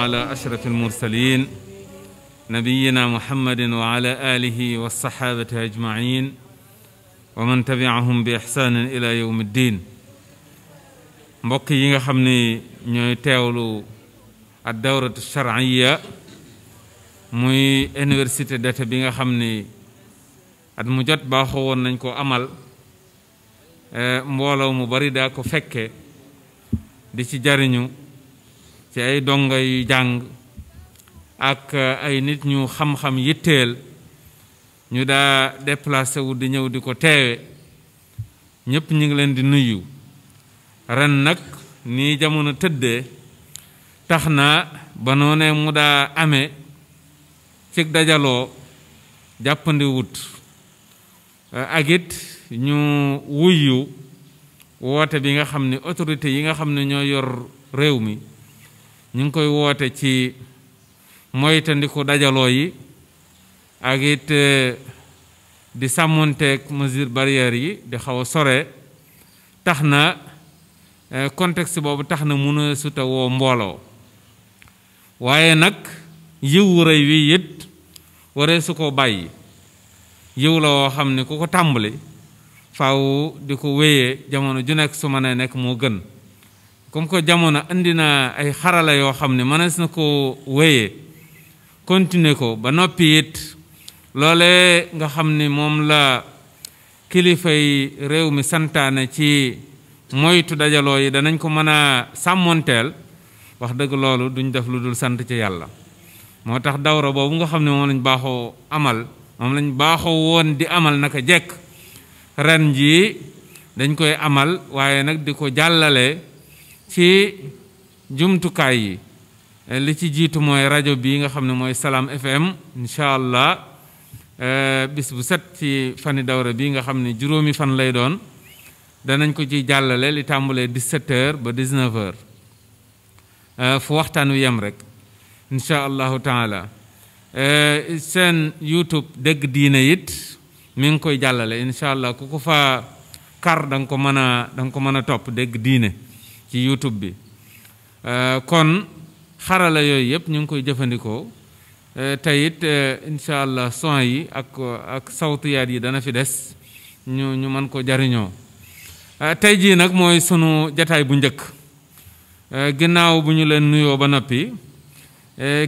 ala ashraf almursalin nabiyina muhammadin wa ala alihi wa saxaabati ajmain wa man tabiahum bi ixsaanin ila yowm ddin mbokk yi nga xam ne ñooy teewlu ad dawratu sharciya muy université d'été bi nga xam ne at mu jot baaxoo woon nañ ko amal eh, mbooloo mu bari daa ko fekke di ci jariñu ci ay donga yu jàng ak ay nit ñu xam-xam yitteel ñu daa déplacé wu di ñëw di ko teewe ñépp ñu ngi leen di nuyu ren nag nii jamono tëdde tax naa ba noonee mu daa ame ci dajaloo jàppandiwut wut ñu wuyu woote bi nga xam ni autorité yi nga xam ne ñoo yor réew mi ñu ngi koy woote ci moytandiku dajaloo yi ak it eh, di sàmmonteeg mesure barrière yi di xaw a sore tax na eh, contexte boobu tax na mën a suta mbooloo waaye nag yiwu rëy wi it waree su ko bàyyi yiw la woo xam ne ku ko tàmbali faw di ko wéyee jamono ju nekk su ma nee nekk moo gën comme que jamono indi na ay xarala yoo xam ne mënees na ko wéyee continuer ko ba noppi it loole nga xam ne moom la kilifa yi réew mi santaane ci moytu dajaloo yi danañ ko mën a sàmmonteel wax dëgg loolu duñ def lu dul sant ci yàlla moo tax dawra boobu nga xam ne moom lañ baaxoo amal moom lañ baaxoo woon di amal naka jekk ren jii dañ koy amal waaye nag di ko jàllale ci jumtukaay yi eh, li ci jiitu mooy rajo bii nga xam ne mooy salaam FM incha allah eh, bis bu set ci fani dawra bii nga xam ne juróomi fan lay doon danañ ko ci jàllale li tàmbalee 17h ba 19h eh, fu waxtaan wi yam rek incha allahu taala seen YouTube dégg diine it mi ngi koy jàllale incha allah ku ko fa kar da nga ko mën a da nga ko mën a topp dégg diine. ci YouTube bi euh, kon xarala yooyu yëpp ñu ngi koy jëfandikoo euh, teyit euh, incha allah son yi ak ak sawtiyaat yi dana fi des ñu ñu mën ko jariñoo tey jii nag mooy sunu jataay bu njëkk ginnaaw bu ñu leen nuyoo ba noppi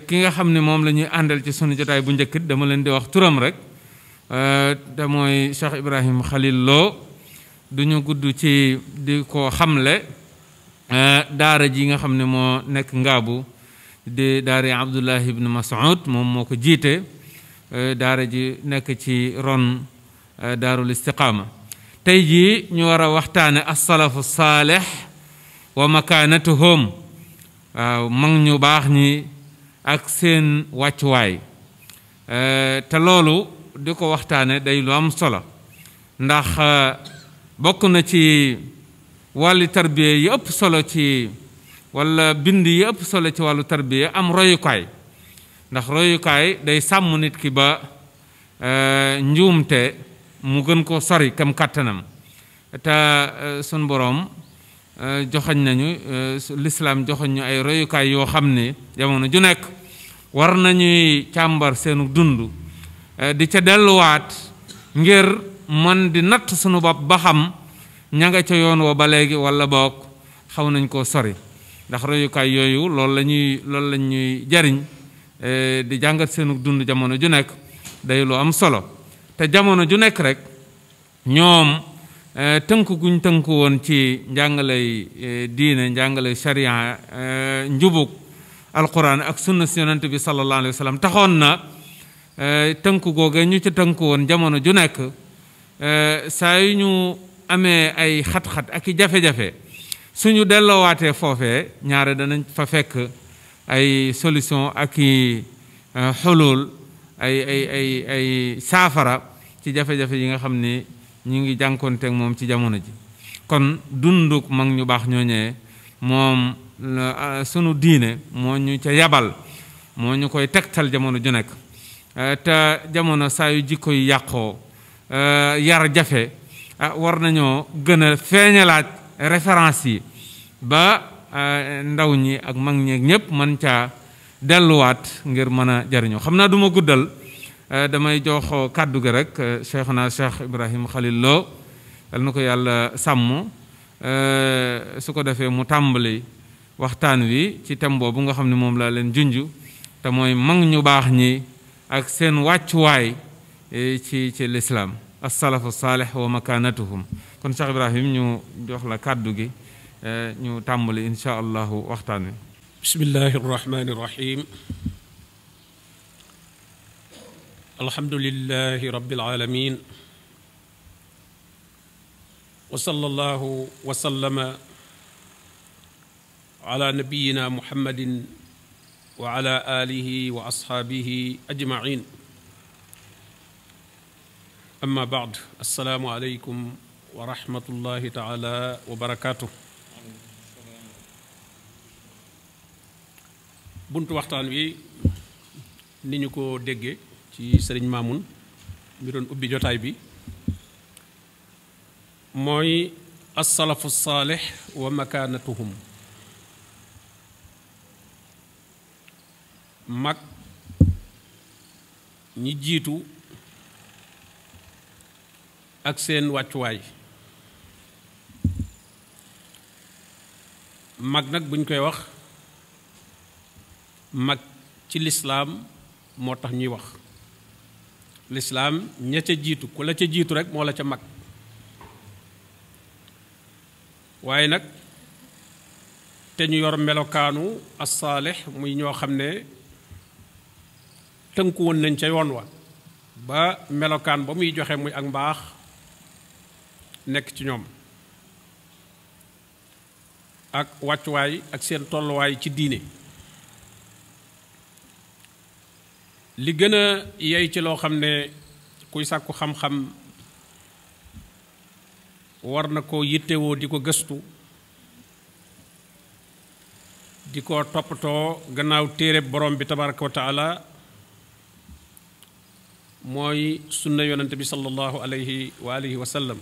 ki nga xam ne moom la ñuy àndal ci sunu jataay bu njëkkit dama leen di wax turam rek te mooy Cheikh Ibrahim Khalil Lo du ñu gudd ci di ko xamle Eh, daara ji nga xam ne moo nekk ngaabu di daara abdullah ibn mas'ud moom moo ko jiite eh, daara ji nekk ci ron eh, daarul istiqaama tey jii ñu war a waxtaane asalafu saalih wa makaanatuhum waaw mag ñu baax ñi ak seen wàccuwaay te loolu di ko waxtaane day lu am solo ndax bokk na ci wàllu tarbiya yi ëpp solo ci walla bind yi ëpp solo ci wàllu tarbiya am royukaay ndax royukaay day sàmm nit ki ba euh, njuumte mu gën koo sori kam kàttanam te euh, sun boroom euh, joxoñ nañu lislaam joxoñ ñu ay royukaay yoo xam ne jamono ju nekk war nañuy càmbar seenu dund di ca delluwaat ngir man di natt sunu bopp ba xam ña nga ca yoon woo ba léegi wala boog xaw nañ koo sori ndax royukaay yooyu lool la ñuy loolu la ñuy jariñ eh, di jàngat seenu dund jamono ju nekk day lu am solo te jamono ju nekk rek ñoom eh, tënk guñ woon ci njàngalay eh, diine njàngalay sharia njubug alquran ak sunna si bi sallallahu alayhi wa taxoon na tënk googee ñu ci tënk woon jamono ju nekk saa yu ñu amee ay xat-xat ak i jafe-jafe suñu delloowaatee foofee ñaare danañ fa fekk ay solution ak i euh, xulul ay ay ay saafara ci jafe-jafe yi nga xam ni ñu ngi jànkoon teg moom ci jamono ji kon dunduk mag ñu baax ñoo ñooñee moom euh, sunu diine moo ñu ca yabal moo ñu koy tegtal jamono ju nekk euh, te jamono saa yu jikko yu yàqoo yar jafe ah war nañoo gën a feeñalaat référence yi ba eh, ndaw ñi ak mag ñeeg ñëpp mën caa delluwaat ngir mën a jariñoo xam naa duma guddal eh, damay joxo kàddu gi rek eh, Cheikhuna Cheikh Ibrahim Khalil loo yal na ko yàlla sàmm su ko defee mu tàmbali waxtaan wi ci thème boobu nga xam ne moom laa leen junju te mooy mag ñu baax ñi ak seen wàccuwaay ci ci lislaam asalafu saalih wa makanatuhum kon Cheikh Ibrahim ñu jox la kàddu gi eh, ñu tàmbali insha allahu waxtaan wi bismillahi arrahmani irrahim alhamdulilahi rabbil alamin wa sallallahu wa sallama ala nabiyina muhammadin wa ala alihi wa ashabihi ajmain amma baad assalaamu aleykum wa rahmatullahi wa barakaatu buntu waxtaan wi ni ñu ko dégge ci sëriñ Maamun mi doon ubbi jotaay bi mooy assalafu saalix wa makaanatuhum mag ñi jiitu ak seen wàccuwaay mag nag buñ koy wax mag ci lislaam moo tax ñuy wax lislaam ña ca jiitu ku la ca jiitu rek moo la ca mag waaye nag te ñu yor melokaanu as muy ñoo xam ne tënku woon nañ ca yoon wa ba melokaan ba muy joxe muy ak mbaax nekk ci ñoom ak wàccuwaay ak seen tolluwaay ci diine li gën a yey ci loo xam ne kuy sàkku xam-xam war na ko yittewoo di ko gëstu di ko toppatoo gannaaw téere borom bi tabaraka wa mooy sunna yonente bi sallallahu alayhi wa alihi sallam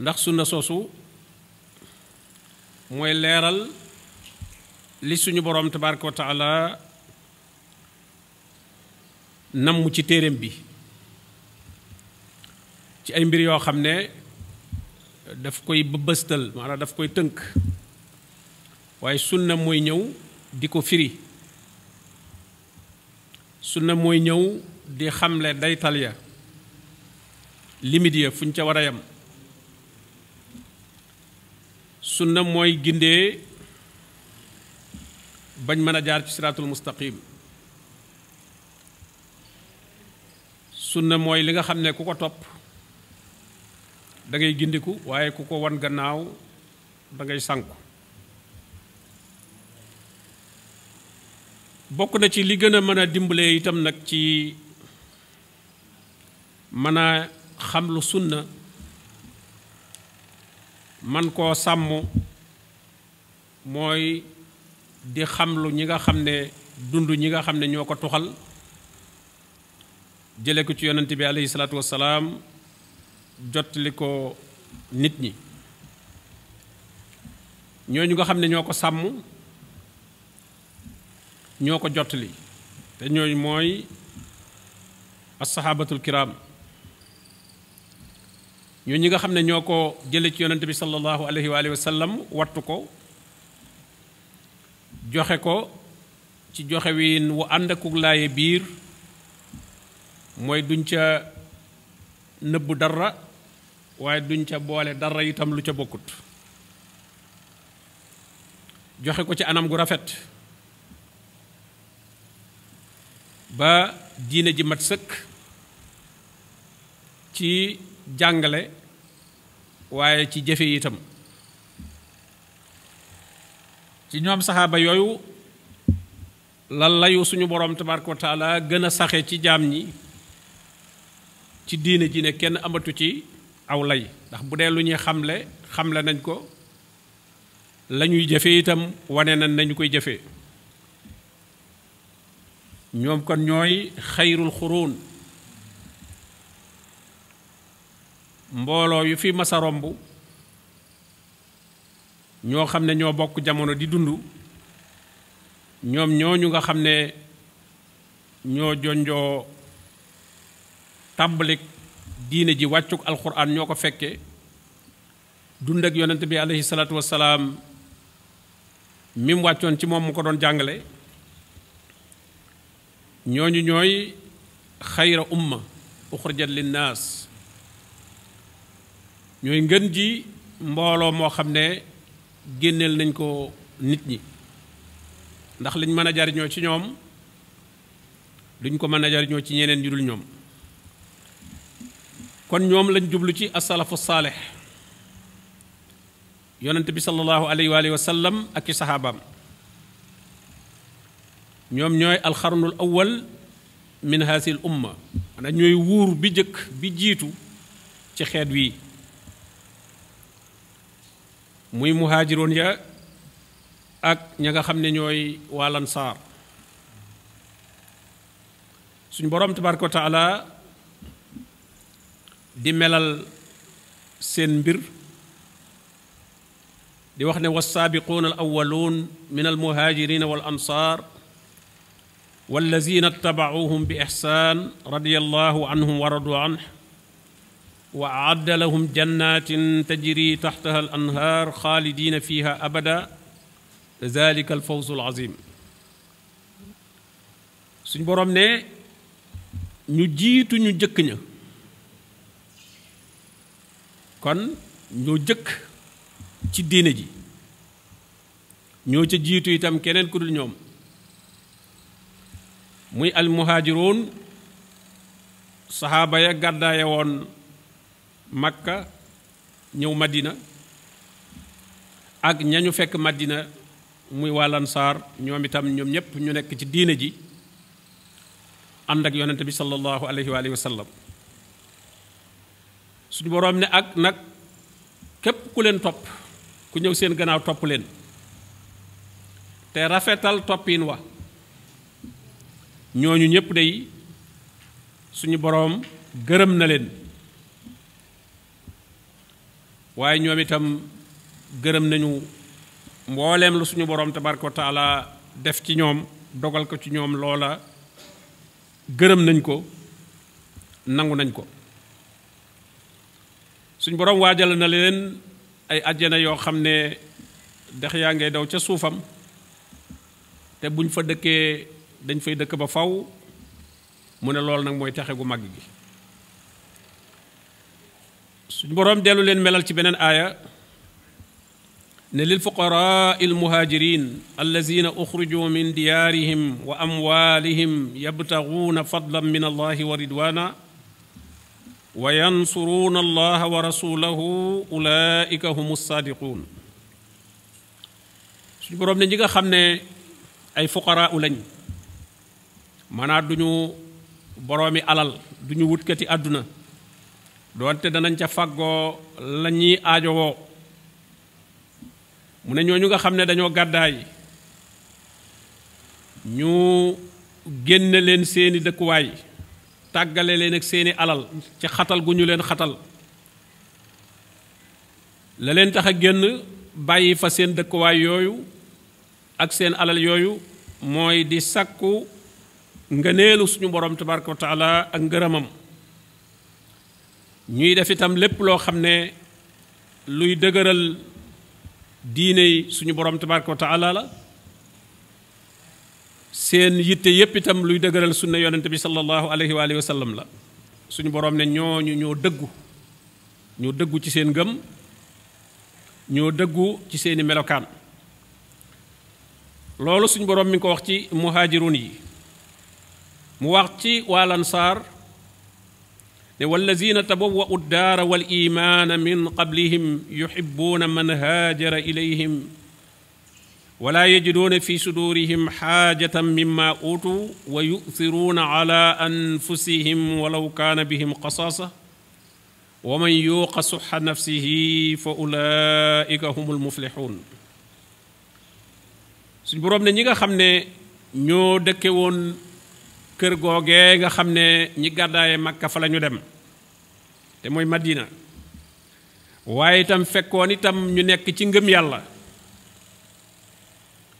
ndax sunna soosu mooy leeral li suñu boroom tabaraka wa namm ci téeréem bi ci ay mbir yoo xam ne daf koy bëbëstal maanaam daf koy tënk waaye sunna mooy ñëw di ko firi sunna mooy ñëw di xamle daytal ya limit ya fu ñu ca war a yam sunna mooy gindee bañ mën a jaar ci siraatul mustaqim sunna mooy li nga xam ne ku ko topp dangay ngay gindiku waaye ku ko wan gannaaw da ngay sànku bokk na ci li gën a mën a dimbalee itam nag ci mën a xam lu sunna man koo sàmm mooy di xamlu ñi nga xam ne dund ñi nga xam ne ñoo ko tuxal jële ko ci yonant bi aleyhi salaatu wassalaam jottali ko nit ñi ñooñu nga xam ne ñoo ko sàmm ñoo ko jottali te ñooñu mooy assahabatul kiram ñoo ñi nga xam ne ñoo ko jële ci yonante bi sallallahu alayhi wa alihi wa sallam wattu ko joxe ko ci joxe wiin wu ànd akuk laaye biir mooy duñ ca nëbbu dara waaye duñ ca boole dara itam lu ca bokkut joxe ko ci anam gu rafet ba diine ji mat sëkk ci jàngale waaye ci jëfe itam ci ñoom saxaaba yooyu lan layu suñu borom tabaraka wa gën a saxe ci jaam ñi ci diine ji ne kenn amatu ci aw lay ndax bu dee lu ñuy xamle xamle nañ ko la ñuy jëfe itam wane nañ nañu koy jëfe ñoom kon ñooy xayrul xuruun mbooloo yu fi masa romb ñoo xam ne ñoo bokk jamono di dund ñoom ñooñu nga xam ne ñoo jonjoo tàmbalik diine ji wàccuk alxuraan ñoo ko fekke dund ak yonent bi aleyhi salaatu wasalaam mi mu wàccoon ci moom mu ko doon jàngale ñooñu ñooy xayra umma uxrijat linnaas ñooy ngën ji mbooloo moo xam ne génneel nañ ko nit ñi ndax liñ mën a jariñoo ci ñoom duñ ko mën a jariñoo ci ñeneen ñu dul ñoom kon ñoom lañ jublu ci asalafu saalix yonent bi sallallahu alayhi wa sallam ak i saxaabaam ñoom ñooy alxarnul awal min hasil umma ñooy wuur bi jëkk bi jiitu ci xeet wii muy muhaajiroon ya ak ña nga xam ne ñooy waa lansaar suñ boroom tabaaraka wa taala di melal seen mbir di wax ne wassaabiquuna al awwaluun min al muhaajirina wal ansaar wallazina tabacuuhum bi ixsaan radiyallahu anhum wa radu anhu wa adda lahum jannatin tajri taxtaha al anhaar xaalidina fiha abada dalika al fawzu suñ boroom ne ñu jiitu ñu jëkk ña kon ñoo jëkk ci diine ji ñoo ca jiitu itam keneen ku dul ñoom muy almuhaajiroon saxaaba ya gàddaaye woon makka ñëw madina ak ñañu fekk madina muy waa lansaar ñoom itam ñoom ñépp ñu nekk ci diine ji ànd ak yonent bi sallallahu alayhi wa alihi wa sallam suñu boroom ne ak nag képp ku leen topp ku ñëw seen gannaaw topp leen te rafetal toppiin wa ñooñu ñépp day suñu boroom gërëm na leen waaye ñoom itam gërëm nañu mbooleem lu suñu borom tabaraka wa taala def ci ñoom dogal ko ci ñoom loola gërëm nañ ko nangu nañ ko suñu borom waajal na leen ay ajjana yoo xam ne dex yaa ngay daw ca suufam te buñ fa dëkkee dañ fay dëkk ba faw mu ne loolu nag mooy texe gu mag gi suñu boroom dellu leen melal ci beneen aaya ne lil fuqaraa il muhaajiriin allazina min diyaarihim wa amwaalihim yabtaguuna fadlan min allahi wa ridwaana wa yansuruuna allaha wa rasuulahu ulaika humu saadiquun suñu boroom ne ñi nga xam ne ay fuqaraa u lañ maanaa duñu boroomi alal duñu wutkati àdduna doonte danañ ca fàggoo lañuy ñuy aajowoo mu ne ñooñu nga xam ne dañoo gàddaay ñu génne leen seeni dëkkuwaay tàggale leen ak seeni alal ci xatal gu ñu leen xatal la leen tax a génn bàyyi fa seen dëkkuwaay yooyu ak seen alal yooyu mooy di sakku ngëneelu suñu boroom tabaraka wa ak ngërëmam ñuy def itam lépp loo xam ne luy dëgëral diine suñu boroom tabaraka wa la seen yitte yépp itam luy dëgëral sunna yonent bi sallallahu alayhi wa alihi wa la suñu borom ne ñu ñoo dëggu ñoo dëggu ci seen ngëm ñoo dëggu ci seeni melokaan loolu suñu borom mi ngi ko wax ci muhaajirun yi mu wax ci waa lansaar ne wallazina tabawwa'u daara wal imaana min qablihim yuhibbuuna man haajara ilayhim wala yajiduuna fi sudurihim xaajatan mimma utu wa yu'thiruuna ala anfusihim walaw kaana bihim qasaasa wa man yuuqa suxa nafsihi fa ulaika humul muflixuun suñ boroom ne ñi nga xam ne ñoo dëkke woon kër googee nga xam ne ñi gàddaaye Makka fa la ñu dem te mooy Madina waaye itam fekkoon itam ñu nekk ci ngëm yàlla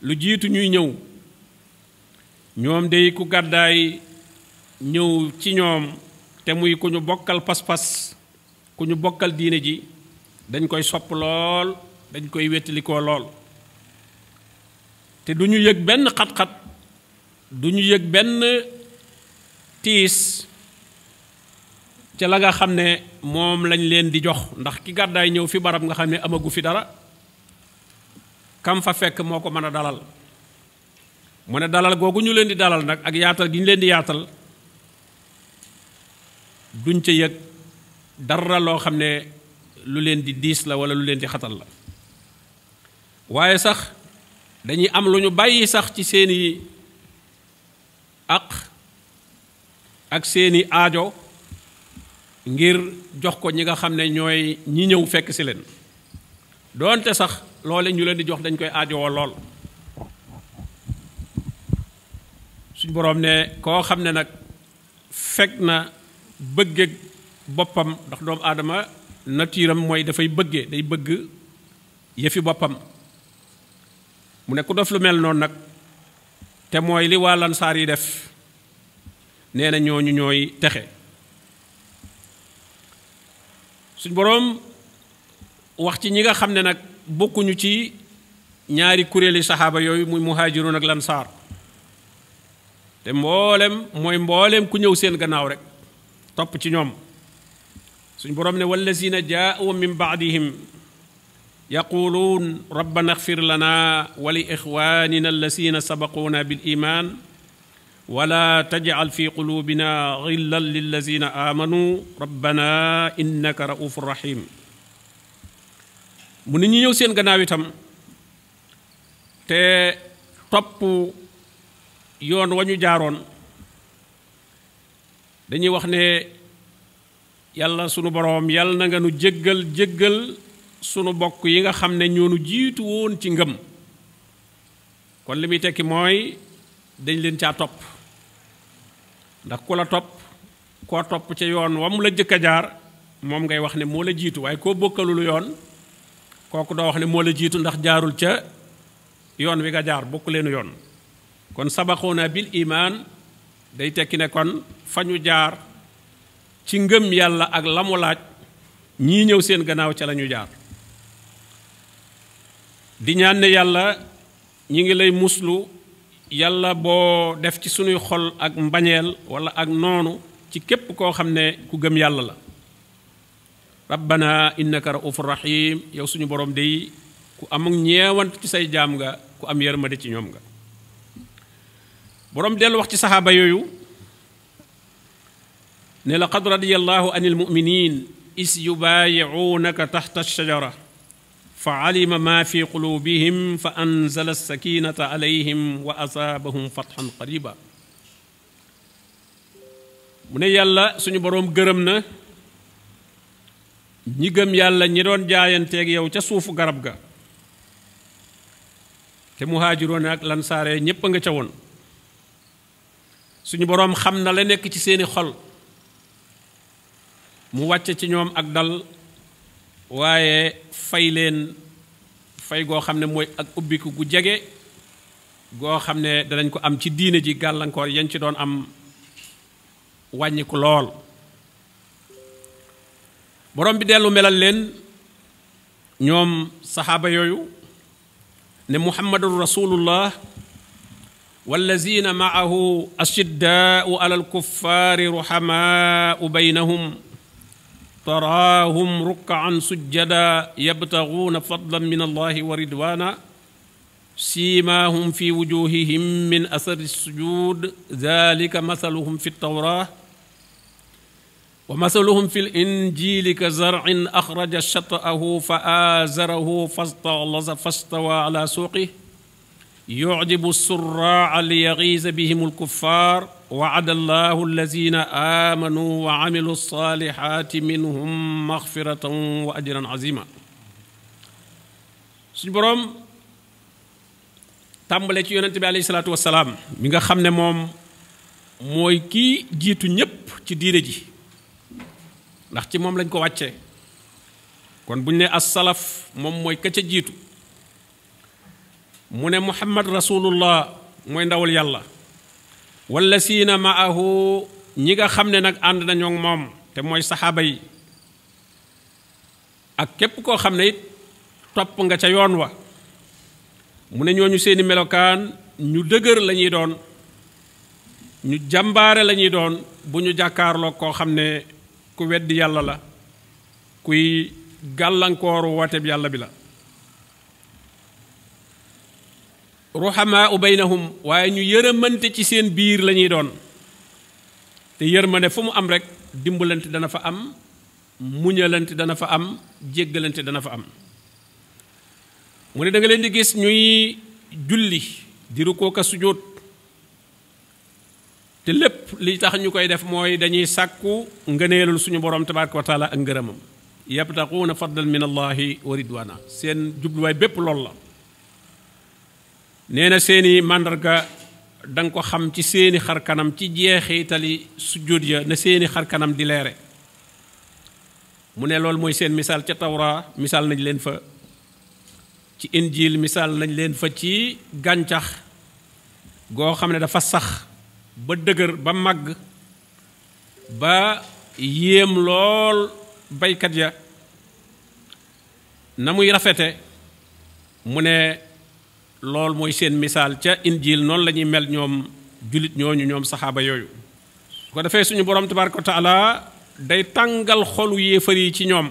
lu jiitu ñuy ñëw ñoom day ku gàddaay ñëw ci ñoom te muy ku ñu bokkal pas-pas ku ñu bokkal diine ji dañ koy sopp lool dañ koy wettalikoo lool te du ñu yëg benn xat-xat du ñu yëg benn tiis ca la nga xam ne moom lañ leen di jox ndax ki gàddaay ñëw fi barab nga xam ne amagu fi dara kam fa fekk moo ko mën a dalal mu ne dalal googu ñu leen di dalal nag ak yaatal gi ñu leen di yaatal duñ ca yëg dara loo xam ne lu leen di diis la wala lu leen di xatal la waaye sax dañuy am lu ñu bàyyi sax ci seeni aq ak seeni aajo ngir jox ko ñi nga xam ne ñooy ñi ñëw fekk si leen doonte sax loole ñu leen di jox dañ koy aajowoo lool suñ boroom ne koo xam ne nag fekk na bëggeeg boppam ndax doomu aadama natiiram mooy dafay bëggee day bëgg yëfi boppam mu ne ku dof lu mel noonu nag te mooy li waa lansaar yi def nee na ñooñu ñooy texe suñ boroom wax ci ñi nga xam ne nag bokkuñu ci ñaari kuréeli saxaaba yooyu muy muhaajiroon ak lansaar te mboolem mooy mboolem ku ñëw seen gannaaw rek topp ci ñoom suñ boroom ne wallazina jaa'u min baadihim yaquluun rabbana axfir lana wa li ixwanina allazina sabaquuna bil iman ولا تجعل في قلوبنا غلا للذين آمنوا ربنا إنك رؤوف رحيم mu nit ñi ñëw seen gannaaw itam te topp yoon wa ñu jaaroon dañuy wax ne yàlla sunu boroom yàlla na nga nu jéggal jéggal sunu bokk yi nga xam ne ñoo nu jiitu woon ci ngëm kon li muy tekki mooy dañ leen caa topp ndax ku la topp koo topp ca yoon wa mu la jëkk a jaar moom ngay wax ne moo la jiitu waaye koo bokkalul yoon kooku doo wax ne moo la jiitu ndax jaarul ca yoon wi nga jaar bokk leenu yoon kon sabaxoona bil imaan day tekki ne kon fa ñu jaar ci ngëm yàlla ak la mu laaj ñii ñëw seen gannaaw ca lañu ñu jaar di ñaan ne yàlla ñi ngi lay muslu yàlla boo def ci sunuy xol ak mbañeel wala ak noonu ci képp koo xam ne ku gëm yàlla la rabbana innaka raufur rahim yow suñu borom day ku amuk ñeewant ci say jaam nga ku am yërmande ci ñoom nga boroom dellu wax ci saxaaba yooyu ne laqad radiyallahu anil mu'minin is yu yubayi'unaka taxta shajara fa alima ma fi qulubihim fa anzala sakinata alayhim wa asaabahum fathan qariba mu ne yàlla suñu boroom gërëm na ñi gëm yàlla ñi doon jaayanteeg yow ca suufu garab ga te muhaajiroon ak lansaare ñépp a nga ca woon suñu boroom xam na la nekk ci seeni xol mu wàcce ci ñoom ak dal waaye fay leen fay goo xam ne mooy ak ubbiku gu jege goo xam ne danañ ko am ci diine ji gàllankoor yañ ci doon am wàññiku lool borom bi dellu melal leen ñoom saxaaba yooyu ne muhammadun rasulullah wallazina maahu ashiddaau ala alkuffaari ruhamaau baynahum taraahum rukkaan sujjada yabtaguuna fadlan min allahi wa ridwaana siimaahum fi wujuhihim min asari sujud dalika masaluhum fi ltawra wa masaluhum fi linjili ka zarcin axraja shat'ahu fa aazarahu fastaglasa fastawa ala suuqih yucjibu surraa liyagiisa bihim alkuffar وعد الله الذين آمنوا وعملوا الصالحات منهم مغفرة وأجرا عظيما suñu boroom tàmbale ci yonent bi alayhi salaatu wasalaam mi nga xam ne moom mooy kii jiitu ñépp ci diine ji ndax ci moom lañ ko wàccee kon bu ñu ne as-salaf moom mooy ka ca jiitu mu ne muhammad rasulullah mooy ndawal yàlla wala siina maahu ñi nga xam ne nag ànd nañoo moom te mooy saxaaba yi ak képp koo xam ne it topp nga ca yoon wa mu ne ñooñu seeni melokaan ñu dëgër lañuy doon ñu jàmbaare la ñuy doon bu ñu jàkkaarloo koo xam ne ku weddi yàlla la kuy gàllankooru woote yàlla bi la ruhamaa u baynahum waaye ñu yërëmante ci seen biir la ñuy doon te yërmane fu mu am rek dimbalante dana fa am muñalante dana fa am jéggalante dana fa am mu ne danga leen di gis ñuy julli di rukkoo ka sujjóot te lépp li tax ñu koy def mooy dañuy sàkku ngëneelul suñu boroom tabaaraka wa taala ak ngërëmam yabtaquuna fadlan min allahi wa ridwana seen jubluwaay bépp loolu la nee na seeni màndarga danga ko xam ci seeni xarkanam ci ci jeexitali sujjóot ya na seeni xar kanam di leere mu ne loolu mooy seen misaal ca tawra misaal nañ leen fa ci injil misaal nañ leen fa ci gàncax goo xam ne dafa sax ba dëgër ba màgg ba yéem lool baykat ya na muy rafete mu ne loolu mooy seen misaal ca injiil noonu la ñuy mel ñoom jullit ñooñu ñoom saxaaba yooyu su ko defee suñu boroom tabaraka wa taala day tàngal xolu yéefar yi ci ñoom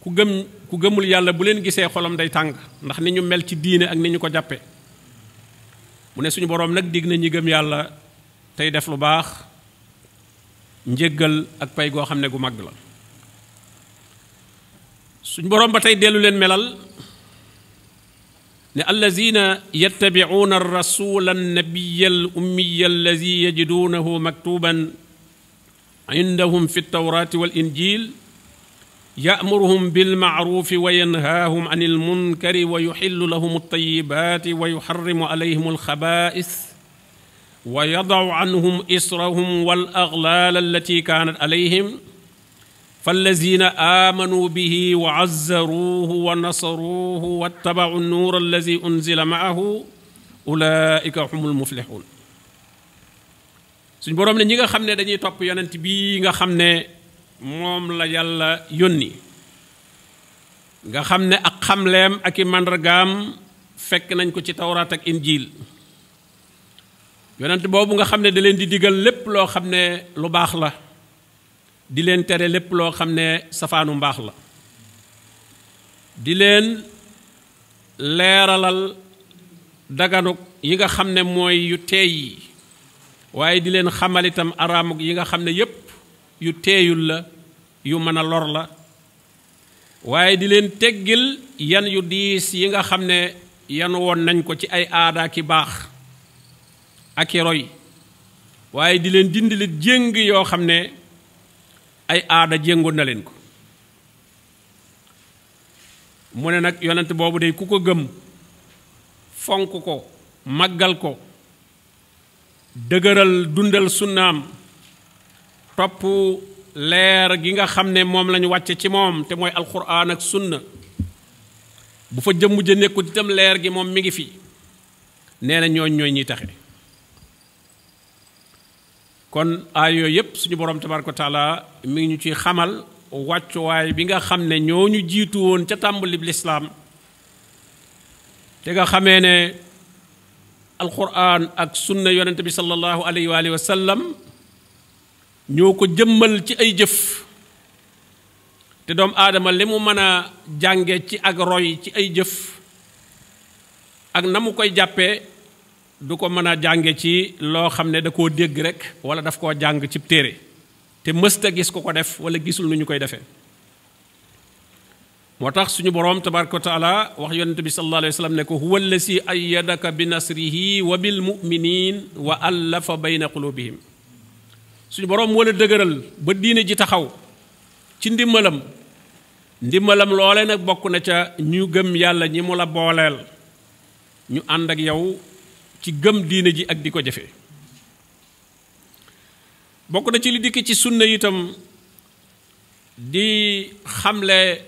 ku gëm ku gëmul yàlla bu leen gisee xolam day tàng ndax ni ñu mel ci diine ak ni ñu ko jàppe mu ne suñu boroom nag digg na ñi gëm yàlla tey def lu baax njéggal ak pay goo xam ne gu màgg la suñu boroom ba tey dellu leen melal ne allazina yattabicuuna arrasula annabiya al ummiya allazi yajiduunahu maktuban indahum fi ltawraati wal injil yaamuruhum bilmacruufi wa yanhaahum an almunkari wa yuxillu lahum altayibaati wa yuxarimu alayhim alxabaa'is wa yadacu canhum israhum wal aglaal allati kaanat alayhim فالذين آمنوا به وعزروه ونصروه واتبعوا النور الذي أنزل معه أولئك هم المفلحون suñ boroom ne ñi nga xam ne dañuy topp yonent bii nga xam ne moom la yàlla yónni nga xam ne ak xamleem ak i màndargaam fekk nañ ko ci tawraat ak injiil yonent boobu nga xam ne da leen di diggal lépp loo xam ne lu baax la di leen tere lépp loo xam ne safaanu mbaax la di leen leeralal daganuk yi nga xam ne mooy yu teey yi waaye di leen xamalitam itam araamuk yi nga xam ne yépp yu teeyul la yu mën a lor la waaye di leen teggil yan yu diis yi nga xam ne yan woon nañ ko ci ay aada ki baax ak i roy waaye di leen dindilit jéng yoo xam ne ay aada jéngoon na leen ko mu ne nag yonent boobu day ku ko gëm fonk ko màggal ko dëgëral dundal sunnaam topp leer gi nga xam ne moom lañu wàcce ci moom te mooy alxuraan ak sunna bu fa jëmm ja nekkut itam leer gi moom mi ngi fi nee na ñooñ ñooy ñiy taxe kon aay yooyu yëpp suñu borom tabaraka taala mi ngi ñu ciy xamal wàccuwaay bi nga xam ne ñoo ñu jiitu woon ca tàmbali lislaam te nga xamee ne alquran ak sunna yonente bi sallallahu alayhi wa alihi wa sallam ñoo ko jëmmal ci ay jëf te doomu aadama li mu mën a jànge ci ak roy ci ay jëf ak na mu koy jàppee du ko mën a jànge ci loo xam ne da koo dégg rek wala daf koo jàng cib téere te mësta gis ko ko def wala gisul nu ñu koy defee moo tax suñu boroom tabaraka wa wax yonent bi sallallahu alayhi wa sallam ne ko huwa allazi ayyadaka bi nasrihi wa bil mu'minin wa allafa bayna qulubihim suñu boroom moo dëgëral ba diine ji taxaw ci ndimbalam ndimbalam loole nag bokk na ca ñu gëm yàlla ñi mu la booleel ñu ànd ak yow ci gëm diine ji ak di ko jafe bokk na ci li dikk ci sunna itam di xamle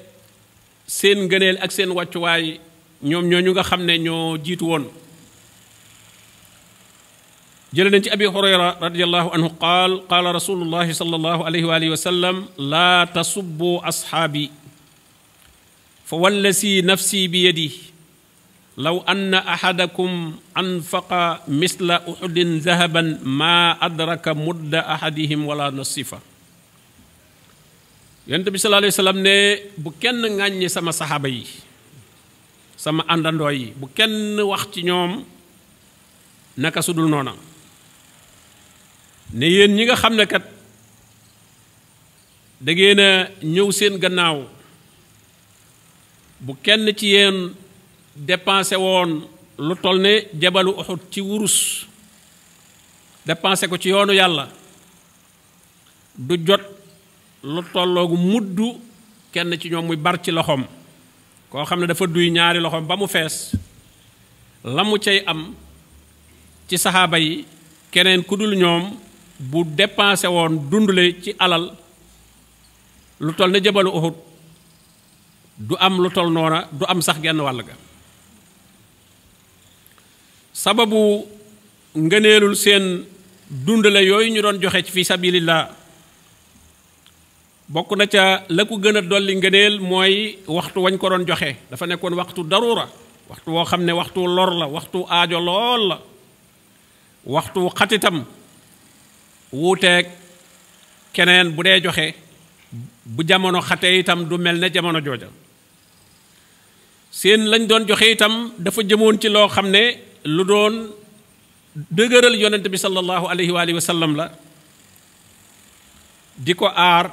seen ngëneel ak seen wàccuwaay ñoom ñoo ñu nga xam ne ñoo jiitu woon jële nañ ci abi hurayra radiallahu anhu qaal qaala rasulullahi sallallahu alayhi wa alihi laa tasubbu ashaabi fa wallasi nafsi bi yadi law anna ahadakum anfaqa misla uhudin zahaban maa adraka mudda ahadihim wala nasifa yonent bi sallallahu alayhi wa sallam ne bu kenn ŋàññi sama saxaaba yi sama àndandoo yi bu kenn wax ci ñoom naka su dul noona ne yéen ñi nga xam ne kat da ngeen ñëw seen gannaaw bu kenn ci yéen dépensé woon lu toll ne jabalu Uhud ci wurus dépensé ko ci yoonu yàlla du jot lu tolloogu muddu kenn ci ñoom muy bar ci loxoom koo xam ne dafa duy ñaari loxoom ba mu fees la mu cay am ci saxaaba yi keneen ku dul ñoom bu dépensé woon dundale ci alal lu toll ne jabalu Uhud du am lu toll noona du am sax genn wàll ga sababu ngëneelul seen dundale yooyu ñu doon joxe ci fi sabilillah bokk na ca la ku gën a dolli ngëneel mooy waxtu wañ ko doon joxe dafa nekkoon waxtu daruura waxtu woo xam ne waxtu lor la waxtu aajo lool la waxtu xatitam wuuteeg keneen bu dee joxe bu jamono xate itam du mel ne jamono jooja seen lañ doon joxe itam dafa jëmoon ci loo xam ne lu doon dëgëral yonent bi sallallahu alayhi wa sallam la di ko aar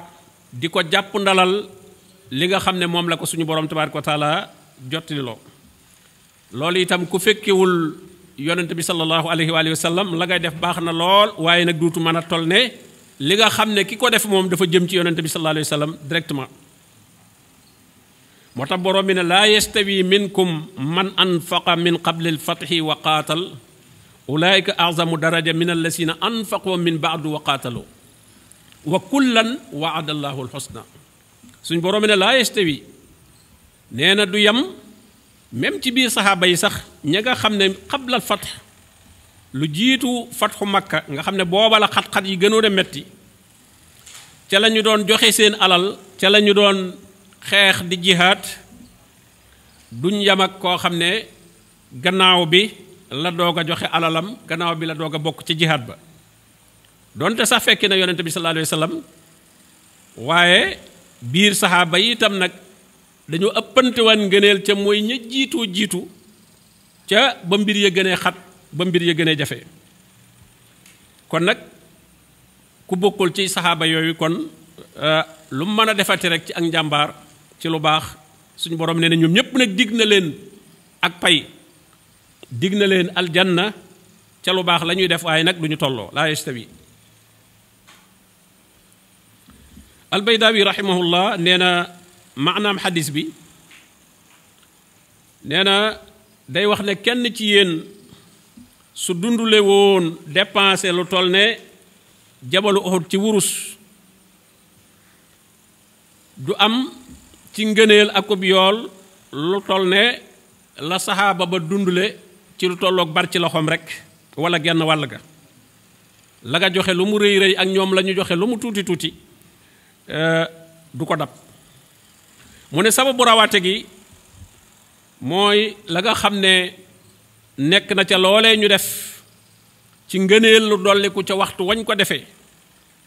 di ko jàpp ndalal li nga xam ne moom la ko suñu borom tabaaraka wa taala jottiloo loolu itam ku fekkewul yonent bi sallallahu alayhi wa sallam la ngay def baax na lool waaye nag duutu mën a toll ne li nga xam ne ki ko def moom dafa jëm ci yonent bi sallallahu alayhi wa directement moo tax borom bi ne laa yastawi minkum man anfaqa min qabli alfatxi wa qaatal ulaayika azamu daraja min allasina anfaqu min baadu wa qaatalu wa kullan waada allahu alxusna suñ borom bi ne laa yastawi nee na du yam même ci biir saxaaba yi sax ña nga xam ne qabla alfatx lu jiitu fatxu makka nga xam ne booba la xat-xat yi gënoon a metti ca lañu doon joxe seen alal ca lañu doon xeex di jihaad duñ yam ak koo xam ne gannaaw bi la doog a joxe alalam gannaaw bi la doog a bokk ci jihaad ba donte sax fekki na yonent bi sallallahu alayhi waaye biir saxaaba yi itam nag dañu ëppante waan ca mooy ña jiitoo jiitu ca ba mbir ya gënee xat ba mbir ya gënee jafe kon nag ku bokkul ci saxaaba yooyu kon euh, lu mu mën a defati rek ci ak njàmbaar ci lu baax suñu borom nee na ñoom ñépp nag digg na leen ak pay digg na leen aljanna ca lu baax lañuy def waaye nag du ñu tolloo laa yastawi albaydaawi rahimahullah nee na maanaam xadis bi nee na day wax ne kenn ci yéen su dundule woon dépensé lu toll ne jabalu Uhud ci wurus du am ci ngëneel akub yool lu toll ne la saxaaba ba dundule ci lu tolloog bar ci loxoom rek wala genn wàll ga la nga joxe lu mu rëy rëy ak ñoom la ñu joxe lu mu tuuti tuuti euh, du ko dab mu ne sababu rawate gi mooy la nga xam ne nekk na ca loolee ñu def ci ngëneel lu dolliku ca waxtu wañ ko defee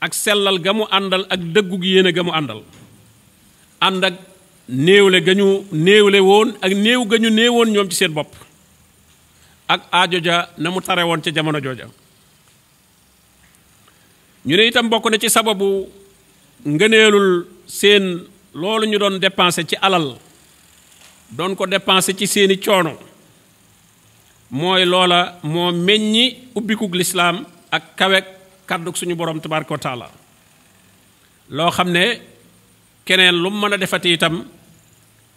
ak sellal ga mu àndal ak dëggu gi yéene ga mu àndal ànd ak néewle gañu néewle woon ak néew gañu woon ñoom ci seen bopp ak aajo ja na mu tare woon ca jamono jooja ñu ne itam bokk na ci sababu ngëneelul seen loolu ñu doon dépensé ci alal doon ko dépensé ci seeni coono mooy loola moo meññi ubbiku lislaam ak kawek kàddug suñu borom tabaraka wa taala loo xam ne keneen lu mën a defati itam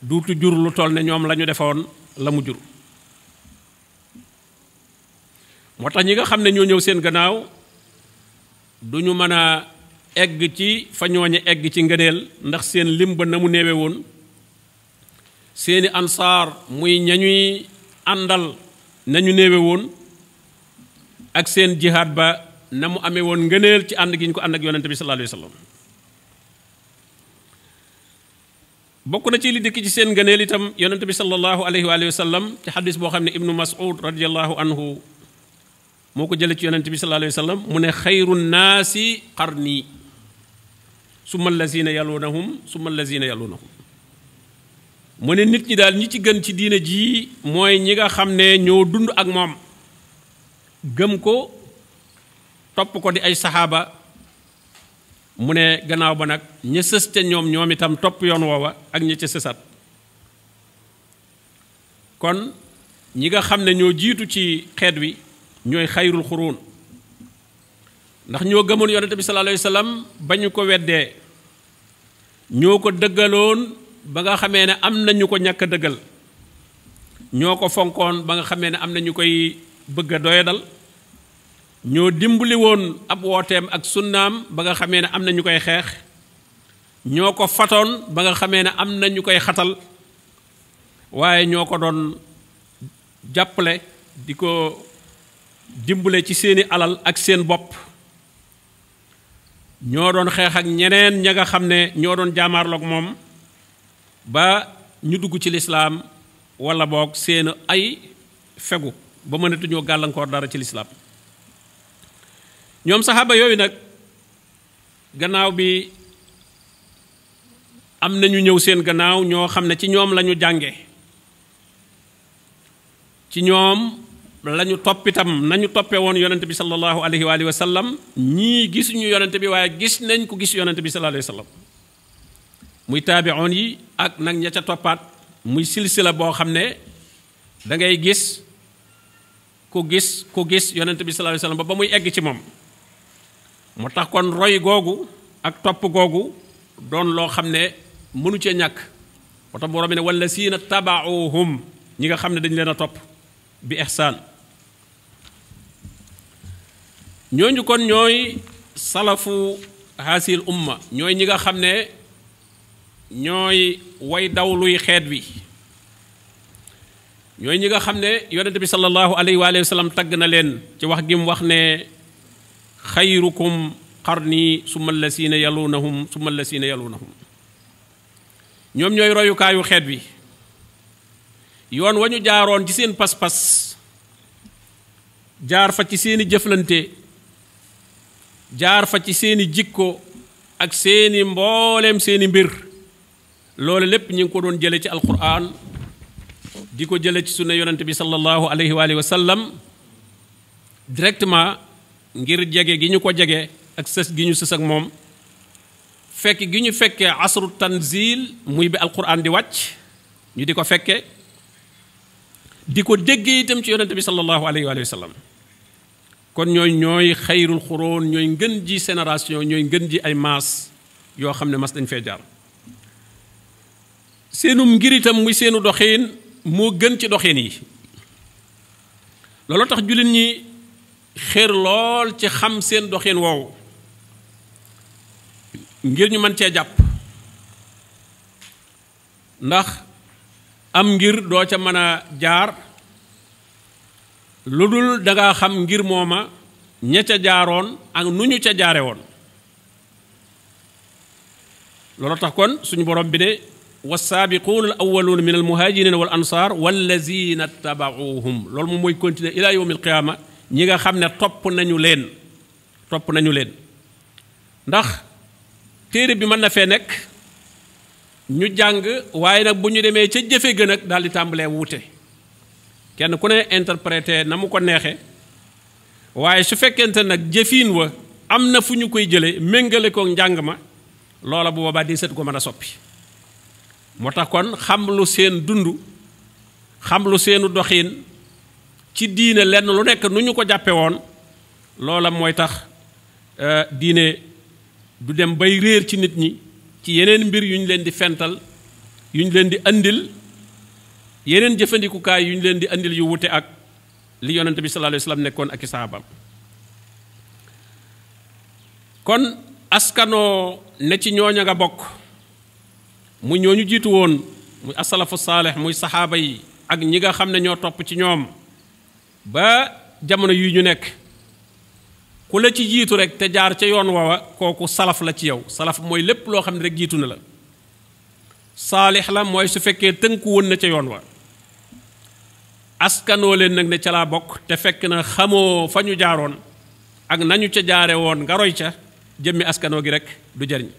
duuti jur lu toll ne ñoom lañu ñu defoon la mu jur moo tax ñi nga xam ne ñoo ñëw seen gannaaw du ñu mën a egg ci fa ñooñe egg ci ngëneel ndax seen lim ba na mu néewe woon seeni ansaar muy ñañuy àndal nañu néewe woon ak seen jihaad ba na mu amee woon ngëneel ci ànd gi ñu ko ànd ak yonente bi sallallahu alayhi bokk na ci li dikk ci seen ngëneel itam yonent bi sallallahu alayhi wa sallam ci xadis boo xam ne ibnu mas'ud radiallahu anhu moo ko jële ci yonent bi sallallahu alayhi wa sallam mu ne xayru naasi qarni summa allazina yalunahum summa allazina yalunahum mu ne nit ñi daal ñi ci gën ci diine jii mooy ñi nga xam ne ñoo dund ak moom gëm ko topp ko di ay saxaaba mu ne gannaaw ba nag ña sës ca ñoom ñoom itam topp yoon woowa ak ña ca sësat kon ñi nga xam ne ñoo jiitu ci xeet wi ñooy xayrul xuruun ndax ñoo gëmoon yonente bi sallallahu alayhi wa ba ñu ko weddee ñoo ko dëggaloon ba nga xamee ne am na ñu ko ñàkk dëggal ñoo ko fonkoon ba nga xamee ne am na ñu koy bëgg a doyadal ñoo dimbali woon ab wooteem ak sunnaam ba nga xamee ne am na ñu koy xeex ñoo ko fatoon ba nga xamee ne am na ñu koy xatal waaye ñoo ko doon jàppale di ko dimbale ci seeni alal ak seen bopp ñoo doon xeex ak ñeneen ña nga xam ne ñoo doon jaamaarloog moom ba ñu dugg ci lislaam walla boog seen ay fegu ba mënatuñoo gàllankoor dara ci lislaam ñoom saxaaba yooyu nag gannaaw bi am nañu ñëw seen gannaaw ñoo xam ne ci ñoom lañu jànge ci ñoom lañu toppitam nañu toppe woon yonent bi sallallahu alayhi wa alihi wa sallam ñii gisuñu yonent bi waaye gis nañ ko gis yonent bi sallallahu alayhi muy taabi'oon yi ak nag ña ca toppaat muy silsila boo xam ne da ngay gis ku gis ku gis yonent bi sallallahu alayhi ba ba muy egg ci moom moo tax kon roy googu ak topp googu doon loo xam ne mënu cee ñàkk moo tax borom bi ne wala na tabaauhum ñi nga xam ne dañu leen a topp bi ihsaan ñooñu kon ñooy salafu hasil umma ñooy ñi nga xam ne ñooy way dawluy xeet wi ñooy ñi nga xam ne yonente bi sallallahu alayhi wa sallam tagg na leen ci wax gi mu wax ne xayrukum xarni summa allasiina yalunahum summa allasiina yalunahum ñoom ñooy royukaayu xeet bi yoon wa ñu jaaroon ci seen pas-pas jaar fa ci seeni jëflante jaar fa ci seeni jikko ak seeni mbooleem seeni mbir loole lépp ñu ngi ko doon jële ci alquran di ko jële ci sunna yonent bi sallallahu alayhi wa sallam directement ngir jege gi ñu ko jege ak sës gi ñu sës ak moom fekk gi ñu fekkee asru tanzil muy bi alquran di wàcc ñu di ko fekke di ko déggee itam ci yonente bi sallallahu alayhi wa sallam kon ñooy ñooy xayrul xuroon ñooy ngën ji génération ñooy ngën ji ay maas yoo xam ne mas dañ fee jar seenum ngir itam muy seenu doxin moo gën ci doxiin yi loolu tax jullit ñi xér lool ci xam seen doxin woowu ngir ñu mën cee jàpp ndax am ngir doo ca mën a jaar lu dul danga xam ngir mooma ña ca jaaroon ak nu ñu ca jaare woon loolu tax kon suñu borom bi ne والسابقون الأولون من المهاجرين والأنصار والذين اتبعوهم loolu moom mooy continuer ila yawm ñi nga xam ne topp nañu leen topp nañu leen ndax téere bi mën na fee nekk ñu jàng waaye nag bu ñu demee ca jëfe gën ak daal di tàmbalee wuute kenn ku ne interprété na mu ko neexe waaye su fekkente nag jëfin wa am na fu ñu koy jële méngale ko njàng ma loola bu boobaa di set ko mën a soppi moo tax kon xam lu seen dund xam lu seenu doxin ci diine lenn lu nekk nu ñu ko jàppe woon loolam mooy tax euh, diine du dem bay réer ci nit ñi ci yeneen mbir yu ñu leen di fental yu ñu leen di andil yeneen jëfandikukaay yu leen di andil yu wute ak li yonent bi sallallahu alayhi wasallam nekkoon ak i saabam kon askanoo ne ci ñooña nga bokk muy ñu jiitu woon muy asalafu saalih muy saxaaba yi ak ñi nga xam ne ñoo topp ci ñoom ba jamono yi ñu nekk ku la ci jiitu rek te jaar ca yoon woowa kooku salaf la ci yow salaf mooy lépp loo xam ne rek jiitu na la saalix la mooy su fekkee tënku na ca yoon wa askanoo leen nag ne ca laa bokk te fekk na xamoo fa ñu jaaroon ak nañu ca jaare woon nga roy ca jëmmi askanoo gi rek du jariñ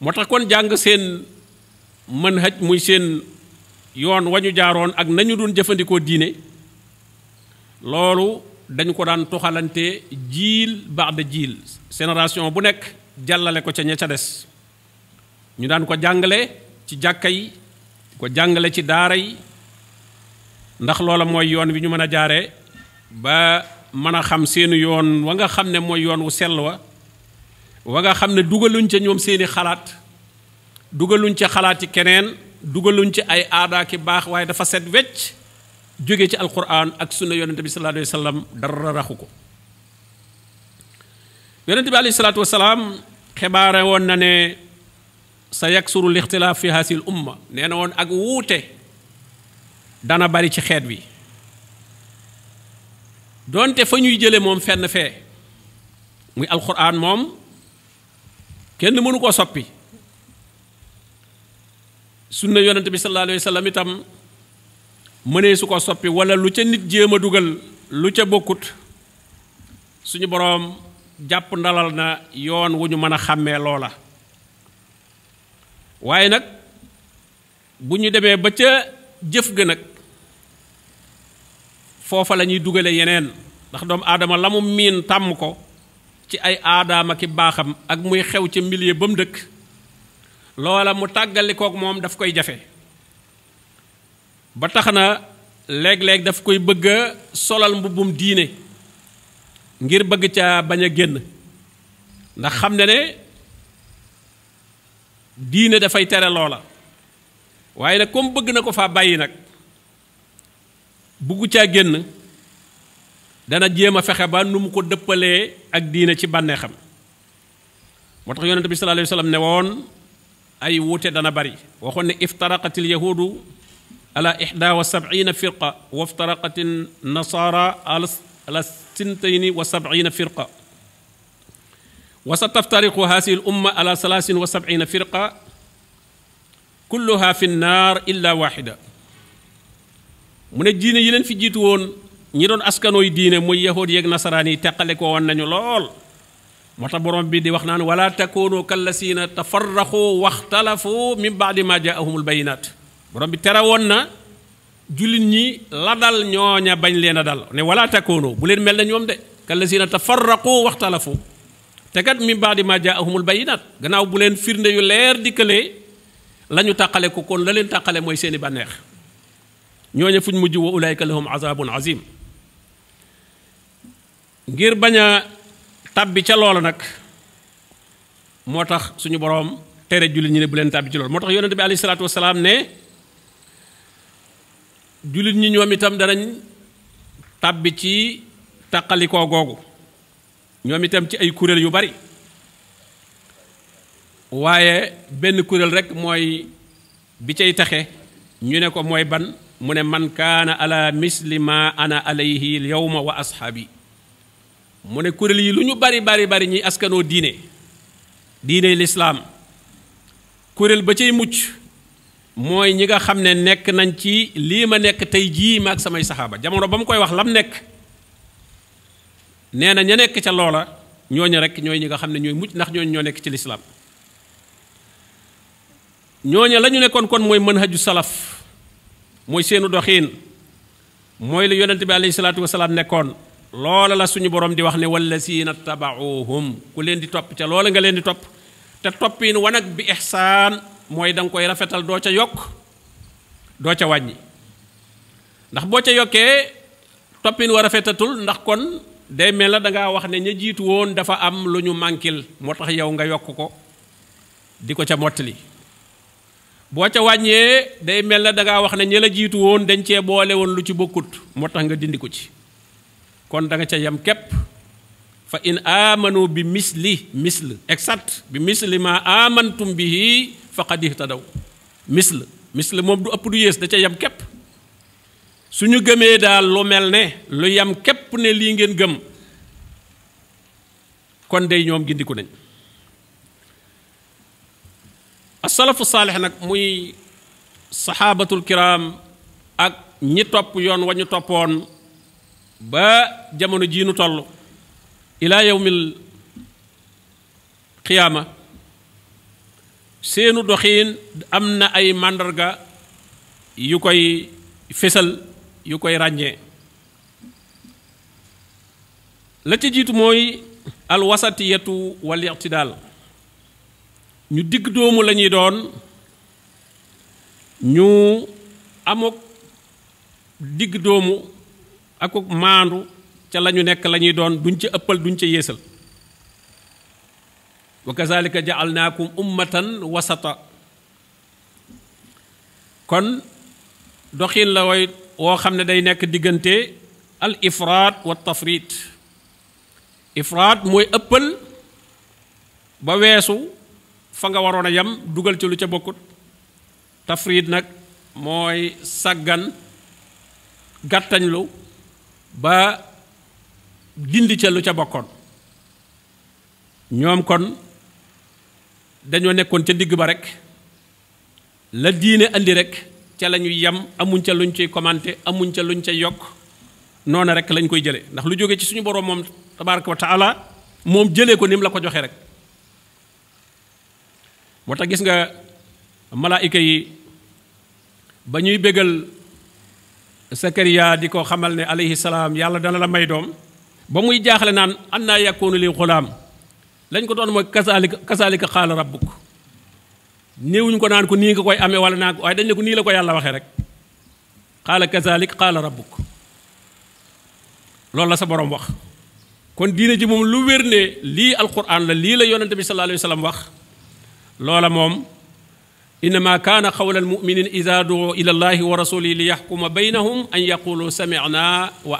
moo tax kon jàng seen mën manhaj muy seen yoon wa ñu jaaroon ak nañu doon jëfandikoo diine loolu dañu ko daan toxalante jiil baada jiil génération bu nekk jàllale ko ca ña ca des ñu daan ko jàngale ci jàkka yi ko jàngale ci daara yi ndax loola mooy yoon wi ñu mën a jaare ba mën a xam seeni yoon wa nga xam ne mooy yoon wu sell wa wa nga xam ne dugaluñ ca ñoom seeni xalaat dugaluñ ca ci keneen dugaluñ ci ay aadaaki baax waaye dafa set wecc jóge ci alquran ak sunna yonente bi sallallahu alayhi wa dara raxu ko yonente bi alayhi salaatu wasalaam xebaare woon na ne sa yaksuru lixtilaaf fi hasil umma nee na woon ak wuute dana bari ci xeet bi doonte fa ñuy jële moom fenn fee muy alquran moom kenn mënu koo soppi sunna yonente bi sallallahu alayhi wa itam mënee su ko soppi wala lu ca nit jéem a dugal lu ca bokkut suñu boroom jàpp ndalal na yoon wu ñu mën a xàmmee loola waaye nag bu ñu demee ba ca jëf ga nag foofa la ñuy dugale yeneen ndax doomu aadama la mu miin tàmm ko ci ay aadaama ki baaxam ak muy xew ci milieu ba mu dëkk loola mu tàggalikook moom daf koy jafe ba tax na léeg-léeg daf koy bëgg solal mbubbum diine ngir bëgg ca bañ a génn ndax xam ne ne diine dafay tere loola waaye nag comme bëgg na ko faa bàyyi nag bugg caa génn dana jéem a fexe ba nu mu ko dëppalee ak diine ci bànneexam moo tax yonente bi sallallahu alayhi ne woon ay wuute dana bari waxoon ala ixda wa sabina firqa nasara ala sintayni wa sabina firqa wa sa taftariqu hadihi ala salaasin wa sabina firqa kulluha fi nnaar illa waxida mu ne diine yi leen fi jiitu woon ñi doon askanooy diine muy yahood yeeg nasaraan yi teqale ko woon nañu lool moo borom bi di wax naan wala takoonu kallasiina tafarraxu waxtalafu min baadi ma jaahumul bayinaat borom bi tere woon na jullit ñi la dal ñooña bañ leen a dal ne wala takoonoo bu leen mel na ñoom de kallazina tafarraqu waxtalafu te kat min baadi ma jaahumul bayinat gannaaw bu leen firnde yu leer dikkalee lañu ñu tàqale ko kon la leen tàqale mooy seeni bànneex ñooña fuñ mujj wa ulaayka lahum azabun azim ngir bañ tàbbi ca loolu nag moo tax suñu boroom tere jullit ñi ne bu leen tàbbi ci loolu moo tax yonente bi alayhi salaatu wasalaam jullit ñi ñoom itam danañ tàbbi ci taqalikoo googu ñoom itam ci ay kuréel yu bari waaye benn kuréel rekk mooy bi cay taxe ñu ne ko mooy ban mu ne man kaana ala misli ma ana alayhi al yawma wa ashaabi mu ne kuréel yi lu ñu bari bari bari ñiy askanoo diine diine lislaam kuréel ba cay mucc mooy ñi nga xam ne nekk nañ ci lii ma nekk tey jii ma ak samay saxaaba jamono ba mu koy wax lam nekk nee na ña nekk ca loola ñooñu rekk ñooy ñi nga xam ne ñooy mucc ndax ñooñu ñoo nekk ci lislaam ñooñu la ñu nekkoon kon mooy mën manhaju salaf mooy seenu doxiin mooy lu yonente bi alayhi salaatu nekkoon loola la suñu boroom di wax ne wallazina tabaauhum ku leen di topp ca loola nga leen di topp te toppiin wanag bi ixsaan mooy da nga koy rafetal doo ca yokk doo ca wàññi ndax boo ca yokkee toppin wa rafetatul ndax kon day mel na dangaa wax ne ña jiitu dafa am lu ñu mànkil moo tax yow nga yokk ko di ko ca mottali boo ca wàññee day mel na dangaa wax ne ña la jiitu woon dañ cee boole woon lu ci bokkut moo tax nga dindi ko ci kon danga ca yem képp fa in amanu bi misli misl exact bi misli ma amantum bihi faqad ihtadaw misl misl moom du ëpp du yées da ca yem képp suñu gëmee daal lu mel ne lu yam képp ne lii ngeen gëm kon dey ñoom gindiku nañ asalafu saalix nag muy saxaabatul kiram ak ñi topp yoon wa ñu toppoon ba jamono jii nu toll ilaa yawmil xiyaama seenu doxin am na ay màndarga yu koy fësal yu koy ràññee la ca jiitu mooy alwasatiyatu wal ictidaal ñu digg doomu la ñuy doon ñu amuk digg doomu akuk maandu ca la ñu nekk lañuy doon duñ ca ëppal duñ ca yéesal wa kazalika jaalnaakum ummatan wasata kon doxiin la woy woo xam ne day nekk diggante al ifraat wa tafrit ifraat mooy ëppal ba weesu fa nga waroon a yam dugal ci lu ca bokkut tafrit nag mooy sàggan gàttañlu ba dindi ca lu ca bokkoon ñoom kon dañoo nekkoon ca digg ba rek la diine indi rek ca la ñuy yem amuñ ca luñ ciy commenté amuñ ca luñ ca yokk noona rek lañ koy jëlee ndax lu jóge ci suñu boroom moom tabaraka wa taala moom jëlee ko ni la ko joxee rek moo gis nga malaayika yi ba ñuy bégal Sakariya di ko xamal ne alayhi salaam yàlla dana la may doom ba muy jaaxle naan an naa yàkkoonu li xulaam lañ ko doon mooy kasaalika kasaalika xaala rabbuk néewuñu ko naan ko nii nga koy amee wala naa ko waaye dañ ne ko nii la ko yàlla waxee rek xaala kasaalik xaala rabbuk loolu la sa borom wax kon diine ji moom lu wér ne lii alquran la lii la yonente bi sallallahu wax loola moom innama kaana qawla almuminin ida duu ila allahi wa rasulihi li yaxkuma baynahum an yaqulu samicna wa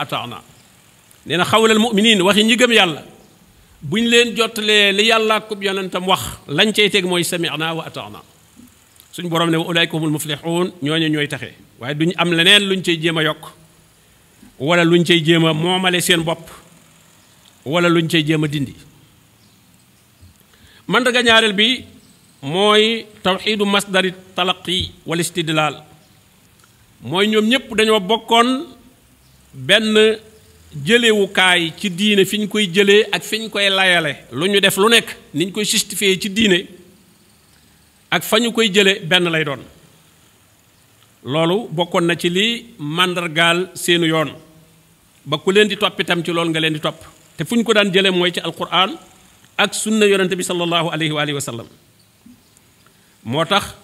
nee na xawlal muminin waxi ñi gëm yàlla bu ñu leen jottalee li yàlla ak kub yonentam wax lañ cay teg mooy sami'na wa ata'na suñ borom ne wa ulaika humul muflihun ñooy taxe waaye duñ am leneen ñu cay jéem a yokk wala luñ cay jéem a moomale seen bopp wala luñ cay jéem a dindi mandaga ñaareel bi mooy tawxiidu masdari talaqi wal istidlaal mooy ñoom ñëpp dañoo bokkoon benn jëlewukaay ci diine fi ñu koy jëlee ak fi ñu koy layale lu ñu def lu nekk ni ñu koy justifier ci diine ak fa ñu koy jële benn lay doon loolu bokkoon na ci li màndargaal seeni yoon ba ku leen di topp itam ci lool nga leen di topp te fu ñu ko daan jële mooy ci alquran ak sunna yonante bi sallallahu alayhi wa alihi moo tax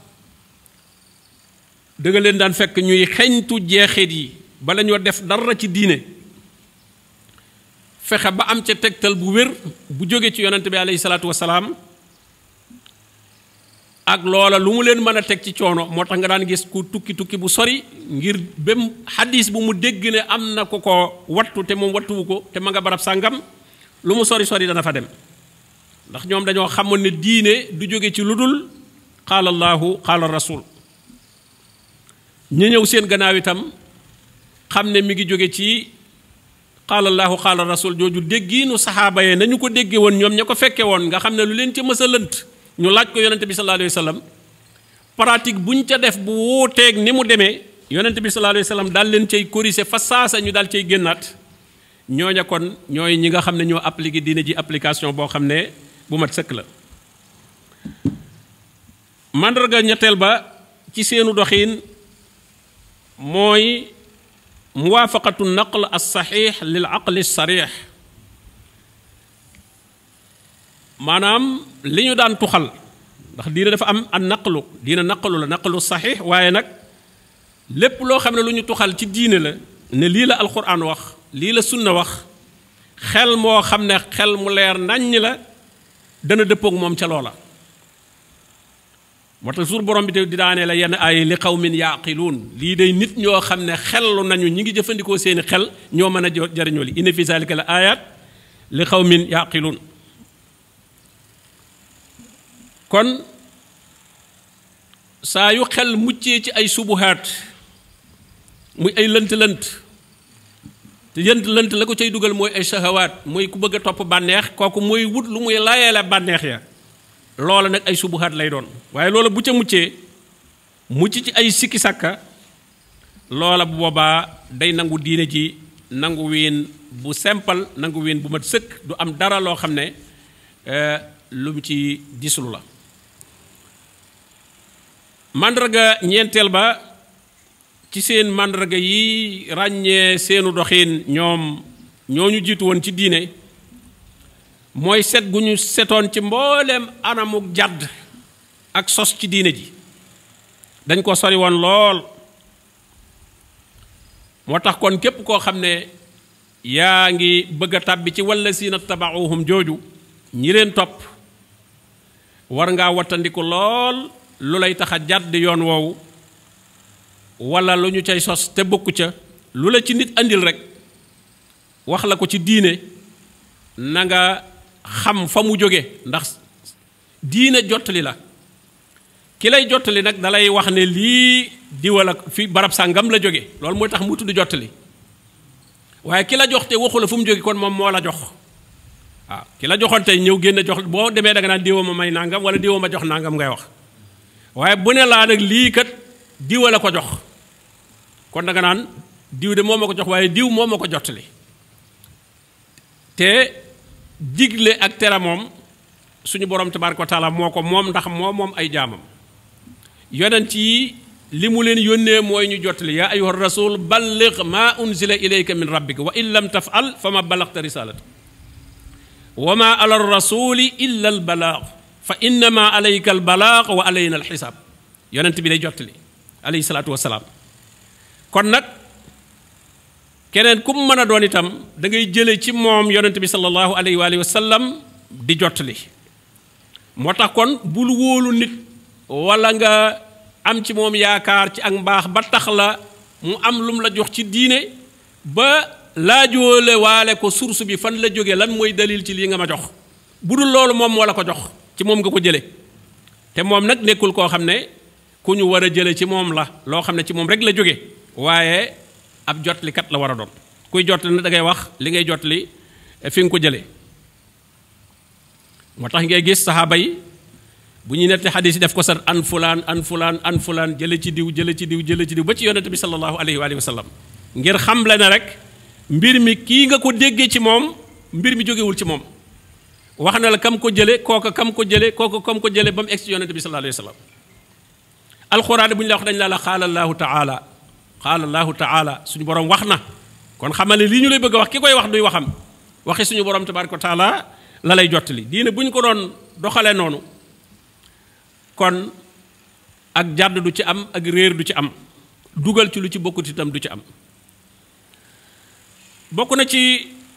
dëgg leen daan fekk ñuy xeeñtu jeexeet yi bala ñoo def dara ci diine fexe ba am ca tegtal bu wér bu jóge ci yonent bi aleyhi salaatu wasalaam ak loola lu mu leen mën a teg ci coono moo tax nga daan gis ku tukki tukki bu sori ngir bem xadis bu mu dégg ne am na ko ko wattu te moom wattuwu ko te ma nga barab sàngam lu mu sori sori dana fa dem ndax ñoom dañoo xamoon ne diine du jóge ci lu dul qaala allaahu qaala rasul ñi ñëw seen gannaaw itam xam ne mi ngi jóge ci qaala allaahu qaala rasul jooju déggiinu saxaaba na nañu ko dégge woon ñoom ña ko fekke woon nga xam ne lu leen ca mës lënt ñu laaj ko yonente bi sallallahu alayhi wa sallam pratique ca def bu woo wuuteeg ni mu demee yonente bi sallallahu alayhi wa sallam daal leen cay corriger fa saasa ñu daal cay génnaat ñooña kon ñooy ñi nga xam ne ñoo appliqué dina ji application boo xam ne bu mat sëkk la mandarga ñetteel ba ci seenu doxiin mooy muwaafaqatu naql al saxiix lil aqli sarix maanaam li ñu daan tuxal ndax diina dafa am an naqlu diina naqlu la naqlu saxiix waaye nag lépp loo xam ne lu ñu tuxal ci diine la ne lii la alquran wax lii la sunna wax xel moo xam ne xel mu leer naññ la dana dëppook moom ca loola moo tax suur borom bi te di daanee la yenn ay li qawmin yaaqiluun lii dey nit ñoo xam ne xellu nañu ñi ngi jëfandikoo seeni xel ñoo mën a jariñoo li inna fi zalika la ayat li qawmin yaaqiluun kon saa yu xel muccee ci ay subuhaat muy ay lënt-lënt te lënt-lënt la ko cay dugal mooy ay sahawaat mooy ku bëgg a topp bànneex kooku mooy wut lu muy layeele bànneex ya loola nag ay subuhaat lay doon waaye loola bu ca muccee mucc ci ay sikki sàkka loola bu boobaa day nangu diine ji nangu wiin bu sempal nangu wiin bu mat sëkk du am dara loo xam ne eh, lu mu ci dislu la màndarga ñeenteel ba ci seen màndarga yi ràññee seenu doxin ñoom ñoo ñu jiitu woon ci diine mooy set gu ñu setoon ci mbooleem anamu jàdd ak sos ci diine ji dañ ko sori woon lool moo tax kon képp koo xam ne yaa ngi bëgg a tàbbi ci walla siina tabaxuhum jooju ñi leen topp war ngaa wattandiku lool lu lay tax a jàdd yoon woowu wala lu ñu cay sos te bokku ca lu la ci nit andil rekk wax la ko ci diine na xam fa mu jóge ndax diine jottali la ki lay jottali nag dalay wax ne lii diwal ak fi barab sàngam la jóge loolu mooy tax mu tudd jottali waaye ki la jox te waxu la fu mu jóge kon moom moo la jox waaw ki la joxoon tey ñëw génn jox boo demee da naan diwa ma may nangam wala diwa ma jox nangam ngay wax waaye bu ne laa nag lii kat diwa la ko jox kon da naan diw de moo ma ko jox waaye diw moo ma ko jottali te digle ak tere moom suñu boroom tabaaraka wa taala moo ko moom ndax moo moom ay jaamam yonent yi li mu leen yónnee mooy ñu jottali yaa ayyuha rasul balligh ma unzila ilayka min rabbika wa in lam tafal fa ma balaghta risalata wa ma ala rasuli illa al balaag fa innama alayka al wa alayna al xisaab yonent bi day jottali alayhi salaatu wa salaam kon nag keneen ku mu mën a doon itam da ngay jële ci moom yonent bi sallallahu alayhi wa sallam di jottali moo tax kon bul wóolu nit walla nga am ci moom yaakaar ci ak mbaax ba tax la mu am lum la jox ci diine ba laajoole waale ko source bi fan la jóge lan mooy dalil ci lii nga ma jox bu dul loolu moom moo la ko jox ci moom nga ko jële te moom nag nekkul koo xam ne ku ñu war a jële ci moom la loo xam ne ci moom rek la jóge waaye ab jotlikat la war a doon kuy jotli na da ngay wax li ngay jotli eh, fi nga ko jëlee moo tax ngay gis saxaaba yi bu ñuy netti xadis yi def ko sa an fulaan an fulaan an fulaan jële ci diw jële ci diw jële ci diw ba ci yonente bi sallallahu alayhi wa sallam ngir xamle ne rek mbir mi kii nga ko déggee ci moom mbir mi jógewul ci moom wax na la kam ko jële kooka kam ko jële kooka kam ko jële ba mu egg ci yonente bi sallallahu alayhi wa bu ñu la wax dañ laa la xaala qaala llaahu taala suñu borom wax na kon xamal ne lii ñu lay bëgg a wax ki koy wax duy waxam waxi suñu borom tabaaraka wa taala la lay jottali diine bu ñu ko doon doxalee noonu kon ak jàdd du ci am ak réer du ci am dugal ci lu ci bokkut itam du ci am bokk na ci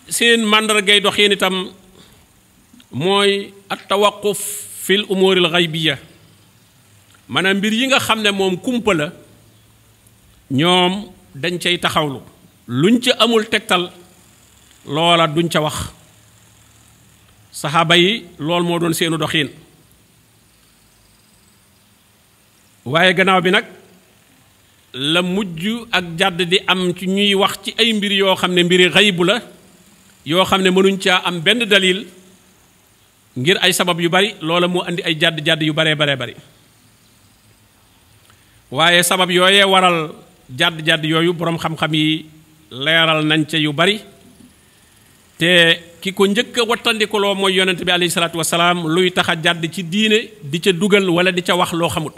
seen dox doxiin itam mooy at tawaquf fil umuuril xaybiya maanaam mbir yi nga xam ne moom kumpa ñoom dañ cay taxawlu luñ ca amul tegtal loola duñ ca wax saxaaba yi lool moo doon seenu doxiin waaye gannaaw bi nag la mujj ak jàdd di am ci ñuy wax ci ay mbir yoo xam ne mbiri xaybu la yoo xam ne mënuñ caa am benn dalil ngir ay sabab yu bari loola moo indi ay jàdd jàdd yu baree baree bari waaye sabab yooyee waral jàdd jàdd yooyu boroom xam-xam yi leeral nañ yu bari te ki ko njëkk a wattandikuloo mooy yonent bi alayhi salaatu wasalaam luy tax a jàdd ci diine di ca dugal wala di ca wax loo xamut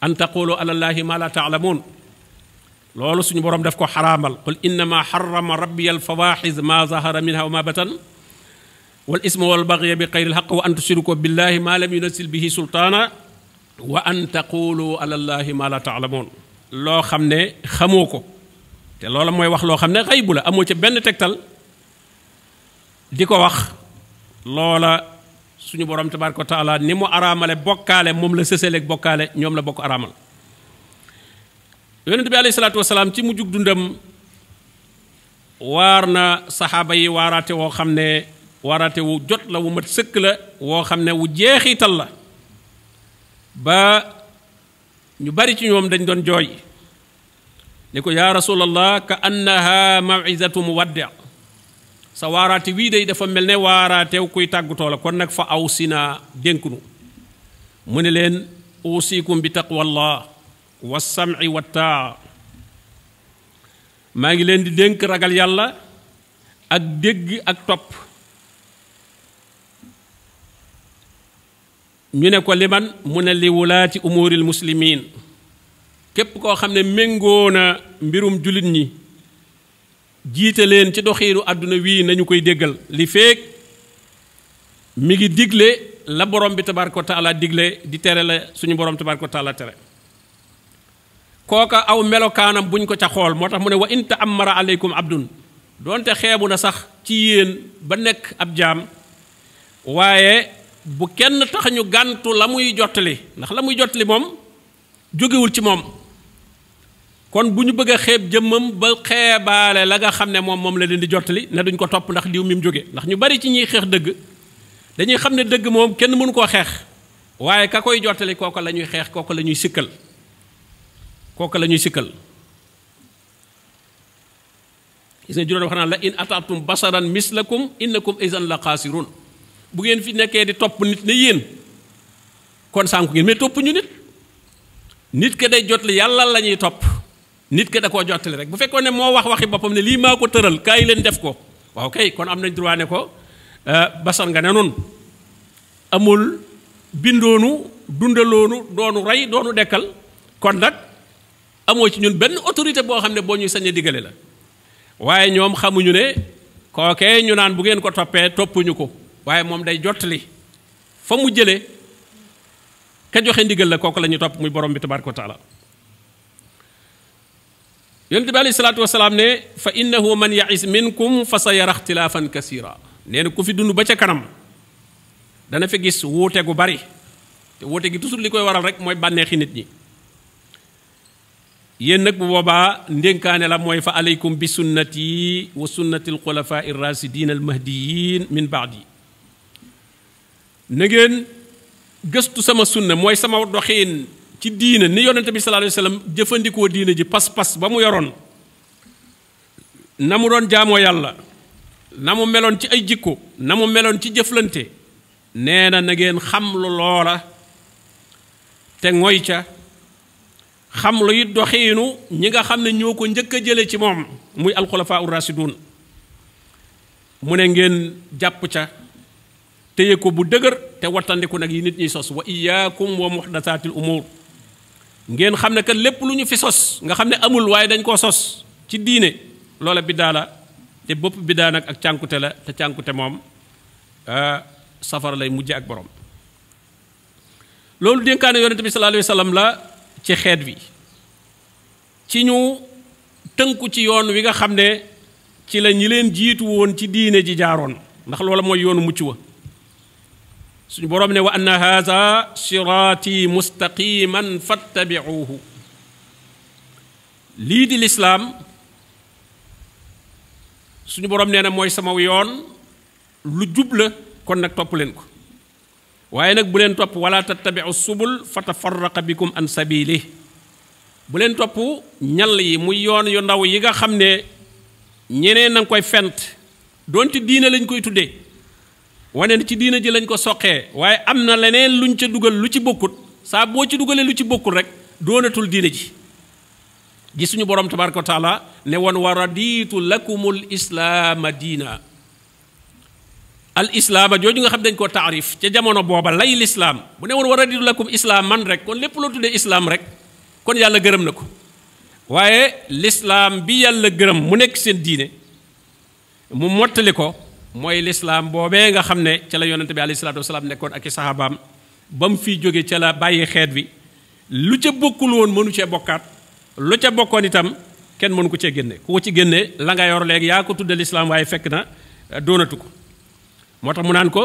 an taqulu ala llaahi ma la taalamuun loolu suñu boroom def ko xaraamal qul innama xarama rabbiya alfawaxiz ma zahara minha wa ma batan wal isma wal bagya bi xayri lxaq wa an tushriku billahi ma lam yunazil bihi sultaana wa an taqulu ala ma la taalamuun loo xam ne xamoo ko te loola mooy wax loo xam ne xay bu la amoo ca benn tegtal di ko wax loola suñu borom tabaaraka wa ni mu araamale bokkaale moom la sësaleeg bokkaale ñoom la bokk araamal yonent bi alayhi salaatu wasalaam ci mujjug dundam waar na saxaaba yi waaraate woo xam ne waaraate wu jot la wu mat sëkk la woo xam ne wu jeexital la ba ñu bari ci ñoom dañ doon jooy ne ko yaa rasulallah ka annaha mawizatu muwaddi sa waaraate wii day dafa mel ne waaraatew kuy tàggutoo la kon nag fa aw sina dénknu mu ne leen uusikum bi taqwallah wa sam'i wa taa maa ngi leen di dénk ragal yàlla ak dégg ak topp ñu ne ko liman mu ne li wulaati umuuril muslimiin képp koo xam ne méngoo na mbirum jullit ñi jiite leen ci doxiinu àdduna wii nañu koy déggal li feeg mi ngi digle la borom bi tabaaraka wa taala digle di tere la suñu borom tabaaraka wa taala tere kooka aw melokaanam buñ ko ca xool moo tax mu ne wa am ta'ammara aleykum abdun doonte xeebu na sax ci yéen ba nekk ab jaam waaye bu kenn tax ñu gàntu la muy jottali ndax la muy jottali moom jógewul ci moom kon bu ñu bëgg a xeeb jëmmam ba xeebaale la nga xam ne moom moom la leen di jottali ne duñ ko topp ndax diw mi mu jóge ndax ñu bari ci ñuy xeex dëgg dañuy xam ne dëgg moom kenn mënu koo xeex waaye ka koy jottali kooka la ñuy xeex kooka la ñuy sikkal kooka la ñuy sikkal gis nga juróom wax naa la in ataatum basaran mislakum innakum isan la xaasirun bu ngeen fi nekkee di topp nit ne yéen kon sànku ngeen mais toppuñu nit nit ke day jotli yàlla la ñuy topp nit ke da koo jotali rek bu fekkoon ne moo wax waxi boppam ne lii maa ko tëral kaay leen def ko waaw kay kon am nañ droit ko euh, basal nga ne noonu amul bindoonu dundaloonu doonu rey doonu dekkal kon nag amoo ci ñun benn autorité boo xam ne boo ñuy sañ a digale la waaye ñoom xamuñu ne kookee ñu naan bu ngeen ko toppee toppuñu ko waaye moom day jottali fa mu jëlee ka joxe ndigal la kooku la ñu topp muy borom bi tabaraka wa taala yonent bi aleyhi salaatu wasalaam ne fa innahu man yaïs minkum fa sa yara ixtilaafan kasira nee na ku fi dund ba ca kanam dana fi gis wuute gu bari te wuute gi toujours li koy waral rek mooy bànneexi nit ñi yéen nag bu boobaa ndénkaane la mooy fa aleykum bi sunnati wa sunnati alxulafaa irrasidiin almahdiyin min baadi nangeen ngeen gëstu sama sunna mooy sama doxiin ci diina ni yonente bi sallallahu alayhi jëfandikoo diina ji pas-pas ba mu yoroon na mu doon jaamoo yàlla na mu meloon ci ay jikko na mu meloon ci jëflante nee na na ngeen xam lu loola te ngoy ca xam lu it doxiinu ñi nga xam ne ñoo ko njëkk a jële ci moom muy alxulafaa ur rasidun mu ne ngeen jàpp ca téye ko bu dëgër te wattandiku nag yi nit ñuy sos wa iyaakum wa muhdathaatil umuur ngeen xam ne ka lépp lu ñu fi sos nga xam ne amul waaye dañ koo sos ci diine loola biddaa la te bopp biddaa nag ak cànkute la te cànkute moom ah, safara lay mujje ak boroom loolu dénkaane yonente bi sallallahu alayhi wa sallam la ci xeet bi ci ñu tënku ci yoon wi nga xam ne ci la ñi leen jiitu woon ci diine ji jaaroon ndax loola mooy yoonu mucc wa suñu boroom ne wa anna haza siraati mustaqiman fattabiuhu lii di lislaam suñu boroom nee na mooy sama yoon lu jub la kon nag topp leen ko waaye nag bu leen topp wala tattabiu subul fa tafarraqa bikum an sabili bu leen topp ñal yi mu yoon yu ndaw yi nga xam ne ñeneen na koy fent doonte diine lañ koy tuddee wane na ci diina ji lañ ko soqee waaye am na leneen luñ ca dugal lu ci bokkut saa boo ci dugalee lu ci bokkut rek doonatul diina ji gis suñu borom tabaraka wa taala ne woon wa raditu lakumul islaama diina al islaama nga xam dañ koo taarif ca jamono booba lay lislaam bu ne woon wa raditu lakum islaam man rek kon lépp loo tuddee rek kon yàlla gërëm na ko waaye lislaam bi yàlla gërëm mu nekk seen diine mu mottali ko mooy lislaam boobee nga xam ne ca la yonente bi alayhi salaatu wasalaam nekkoon ak i sahabaam ba mu fiy jóge ca la bàyyi xeet bi lu ca bokkul woon mënu cee bokkaat lu ca bokkoon itam kenn mënu ko cee génne ku ko ci génne la nga yor léegi yaa ko tudde lislaam waaye fekk na euh, doonatu ko moo tax mu naan ko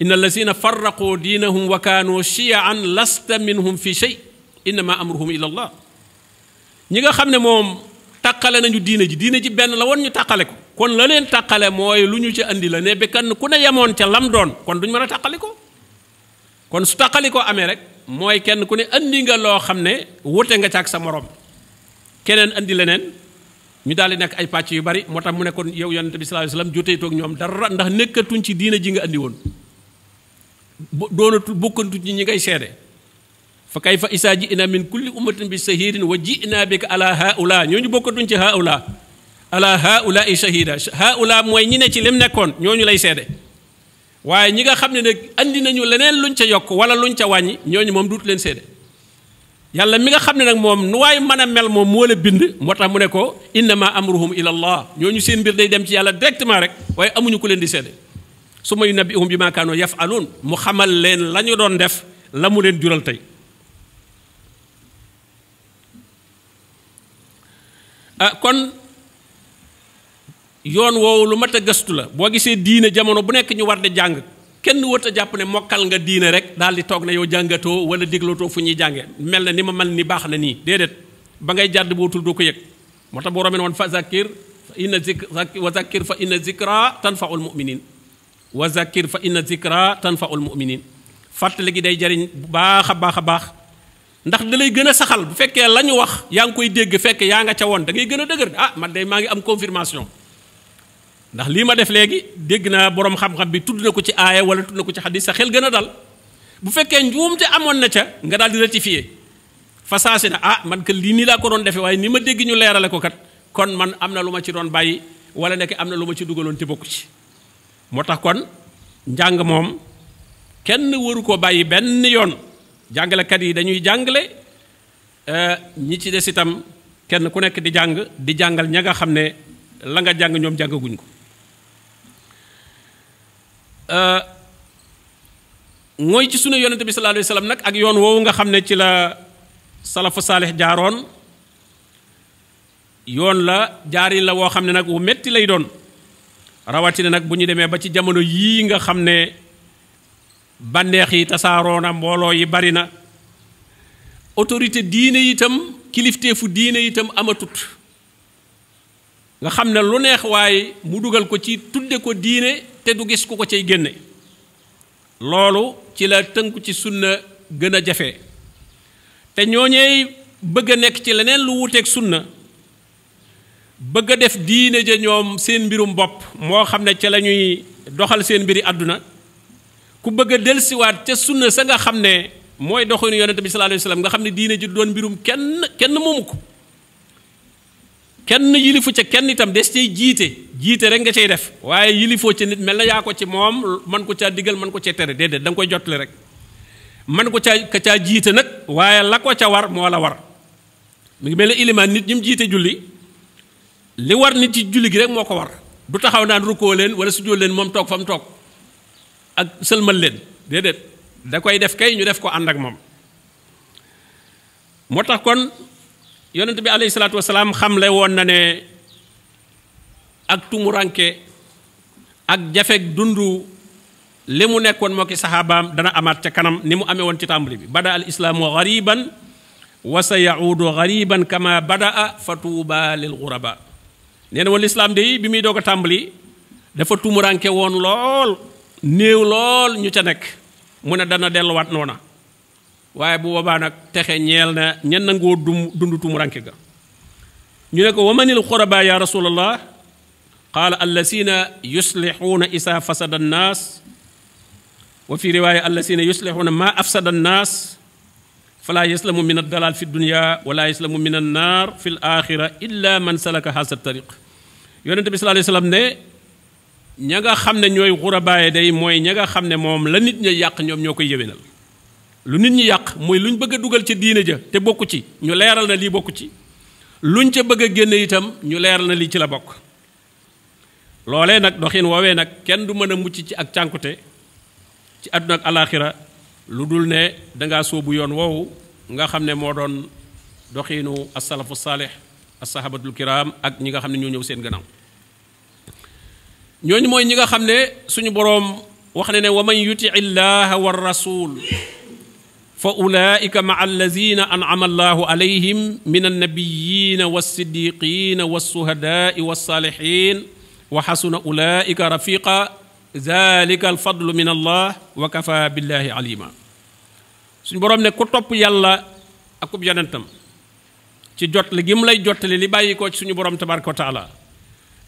inna allazina farraqu diinahum wa kaanu shiyaan lasta minhum fi shay innama amruhum ila allah ñi nga xam ne moom tàqale nañu diine ji diine ji benn la woon ñu tàqale ko kon la leen tàqale mooy lu ñu ci indi la ne bi kan ku ne yemoon ca lam doon kon duñ mën a tàqali ko kon su tàqali ko amee rek mooy kenn ku ne andi nga loo xam ne wute nga ca ak sa moroom keneen indi leneen ñu daal di nekk ay pàcc yu bari moo tax mu ne kon yow yonent bi sallallahu alayhi wasallam jotee toog ñoom dara ndax nekkatuñ ci diina ji nga andi woon doonatu bokkatuñ ci ñi ngay seede fa kay fa isaa ji ina min kulli ummatin bi shahiidin wa ji ina bika ala haula ñooñu bokkatuñ ci haula ala haula i shahida haula mooy ñi ne ci lim nekkoon ñooñu lay seede waaye ñi nga xam ne nag andi nañu leneen luñ ca yokk wala luñ ca wàññi ñooñu moom duut leen seede yàlla mi nga xam ne nag moom nu waaye mën a mel moom moo la bind moo tax mu ne ko innama amruhum ila allah ñooñu seen mbir day dem ci yàlla directement rek waaye amuñu ko leen di seede su ma yunabbihum bi ma kaanoo yafaluun mu xamal leen la ñu doon def la mu leen jural tey Ah, kon yoon woowu lu mat a gëstu la boo gisee diine jamono bu nekk ñu war di jàng kenn wët a jàpp ne mokkal nga diine rek dal di toog ne yow jàngatoo wala déglatoo fu ñuy jànge mel na ni ma man ni baax na nii déedéet ba ngay jàdd bootul doo ko yëg moo tax boroom woon fa zakkir fa inna zik wa zakkir fa inna zikra fa inna zikra tanfaul muminin fàttali gi day jariñ bu baax a baax a baax ndax da lay gën a saxal bu fekkee la ñu wax yaa ngi koy dégg fekk yaa nga ca woon dangay gën a dëgër ah man de maa ngi am confirmation ndax lii ma def léegi dégg naa boroom xam-xam bi tudd na ko ci aaya wala tudd na ko ci xadis sa xel gën a dal bu fekkee njuumte amoon na ca nga daal di rectifier fa saasi na ah man que lii nii laa ko doon defee waaye ni ma dégg ñu leerale ko kat kon man am na lu ma ci doon bàyyi wala nekk am na lu ma ci dugaloon te bokku ci moo tax kon njàng moom kenn waru ko bàyyi benn yoon. jàngalekat yi dañuy jàngale euh, ñi ci des itam kenn ku nekk di jàng di jàngal ña nga xam ne la nga jàng ñoom jàngaguñ ko euh, mooy ci sunu yonente bi nag ak yoon woowu nga xam ne ci la salafu saalix jaaroon yoon la jaari la woo xam ne nag wu metti lay doon rawatina nag bu ñu demee ba ci jamono yii nga xam ne bànneex yi tasaaroo na mbooloo yi bari na autorité diine itam kilifteefu diine itam amatut nga xam ne lu neex waaye mu dugal ko ci tudde ko diine te du gis ku ko ciy génne loolu ci la tënku ci sunna gën a jafe te ñooñeey bëgg a nekk ci leneen lu wuteeg sunna bëgg a def diine ja ñoom seen mbirum bopp moo xam ne ci lañuy doxal seen mbiri àdduna ku bëgg a dellusiwaat ca sunna sa nga xam ne mooy doxinu yonente bi sallallahu alayhi wasallam nga xam ne diine ji doon mbirum kenn kenn moomu ko kenn yilifu ca kenn itam des cay jiite jiite rek nga cay def waaye yilifoo ci nit mel na yaa ko ci moom man ko caa digal man ko cee tere déedéet da nga koy jottali rek man ko caa caa jiite nag waaye la ko ca war moo la war mu ngi mel ne ilimaan nit ñi mu jiite julli li war nit ci julli gi rek moo ko war du taxaw naan rukkoo leen wala sujjóot leen moom toog fa mu toog ak sëlmal leen déedéet da koy def kay ñu def ko ànd ak moom moo tax kon yonent bi alayhi salaatu xam xamle woon na ne ak tumuranke ak jafeg dund li mu nekkoon moo ki saxaabaam dana amaat ca kanam ni mu amee woon ci tàmbali bi bada al islaamu gariban wa sa yaudu gariban kama badaa fa tuuba lil guraba nee na woon lislaam de bi muy doog a tàmbali dafa tumuranke woon lool néew lool ñu ca nekk mu ne dana delluwaat noona waaye bu boobaa nag texe ñeel na ñen nangoo dum dund ga ñu ne ko wamanil xuraba ya rasulallah qaala allazina yuslixuuna isaa fasada annaas wa fi riwaaya allazina yuslixuuna maa afsada annaas falaa yaslamu min addalaal fi dunya wala yaslamu min annaar fi l axira illa man salaka haza tariq yonente bi sallallahu alayhi wa ne ña nga xam ne ñooy xurabaaye day mooy ña nga xam ne moom la nit ña yàq ñoom ñoo koy yëwénal lu nit ñi yàq mooy lu luñ bëgg a dugal ca diine ja te bokku ci ñu leeral na lii bokku ci luñ ca bëgg a génn itam ñu leeral na lii ci la bokk loolee nag doxin woowee nag kenn du mën a mucc ci ak cànkute ci àdduna ak alaaxira lu dul ne dangaa sóobu yoon woowu nga xam ne moo doon doxiinu asalafu saalix asahabatul kiram ak ñi nga xam ne ñoo ñëw seen gannaaw ñooñu mooy ñi nga xam ne suñu boroom wax ne ne wa man yuti illaha wa rasul fa ulaika maa allazina wa xasuna ulaika wa kafa billahi suñu boroom ne ku topp yàlla akub yonentam ci jotli gi mu lay jotali li bàyyi ko ci suñu boroom tabaraka wa taala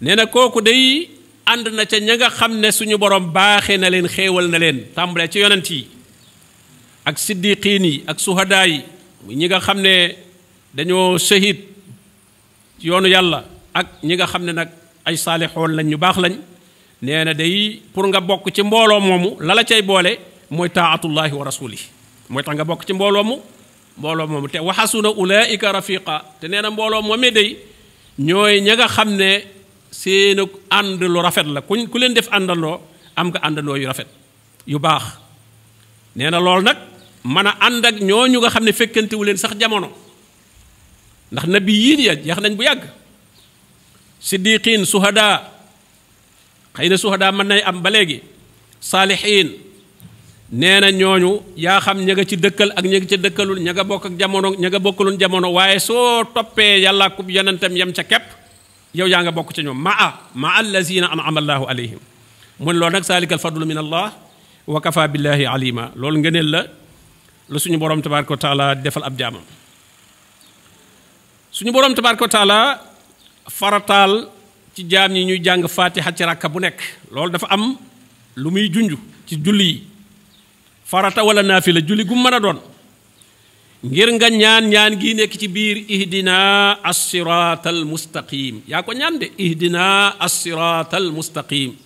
nee na kooku day ànd na ca ña nga xam ne suñu borom baaxee na leen xéewal na leen tàmbalee ci yonent yi ak siddiqiin yi ak suhadaa yi ñi nga xam ne dañoo shahid yoonu yàlla ak ñi nga xam ne nag ay saalixoon lañ ñu baax lañ nee na day pour nga bokk ci mbooloo moomu lala cay boole mooy taatullahi wa rasuli mooy tax nga bokk ci mbooloo mu mbooloo moomu te waxasuna ulaika rafiqa te nee na mbooloo moomee day ñooy ña nga xam ne seen ànd lu rafet la kuñ ku leen def àndandoo am nga àndandoo yu rafet yu baax nee na loolu nag mën a ànd ak ñooñu nga xam ne fekkantewu leen sax jamono ndax nabi yii ya jeex nañ bu yàgg siddiqiin suhadaa xëy na suhadaa mën nay am ba léegi saalixiin nee na ñooñu yaa xam ña ci dëkkal ak ña nga ci dëkkalul ña bokk ak jamono ña nga jamono waaye soo toppee yàlla ku yonentam yem ca kepp yow yaa nga bokk ca ñoom maa maa allazina an'ama allahu alayhim mu ne loolu nag zaalika alfadlu min allah wa kafa billahi alima loolu ngëneel la lu suñu boroom tabaraka wa taala defal ab jaamam suñu borom tabaraka wa farataal ci jaam yi ñuy jàng fatiha ci ràkka bu nekk loolu dafa am lu muy junj ci julli yi farata wala naafila julli gu mën a doon ngir nga ñaan ñaan gi nekk ci biir ihdina assiraatal mustaqim yaa ko ñaan de ihdina assiraatal mustaqim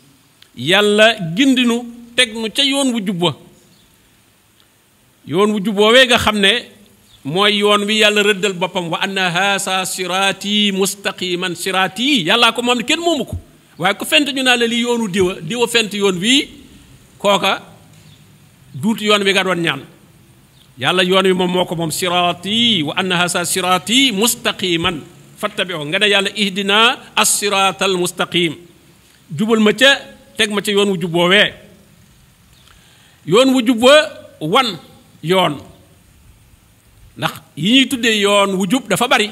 yàlla gindinu teg nu ca yoon wu jubba yoon wu jubboowee nga xam ne mooy yoon wi yàlla rëddal boppam wa anna haasa siraati mustaqiman siraati yàllaa ko moom ne kenn moomu ko waaye ku fent ñu naa la li yoonu diwa diwa fent yoon wii kooka duut yoon wi nga doon ñaan yàlla yoon wi moom moo ko moom siraati wa anna hasa siraati mustaqiman fattabi'u nga ne yàlla ihdina as-siraatal mustaqim jubal ma ca teg ma ca yoon wu jub woowee yoon wu jub wa wan yoon ndax yi ñuy tuddee yoon wu jub dafa bari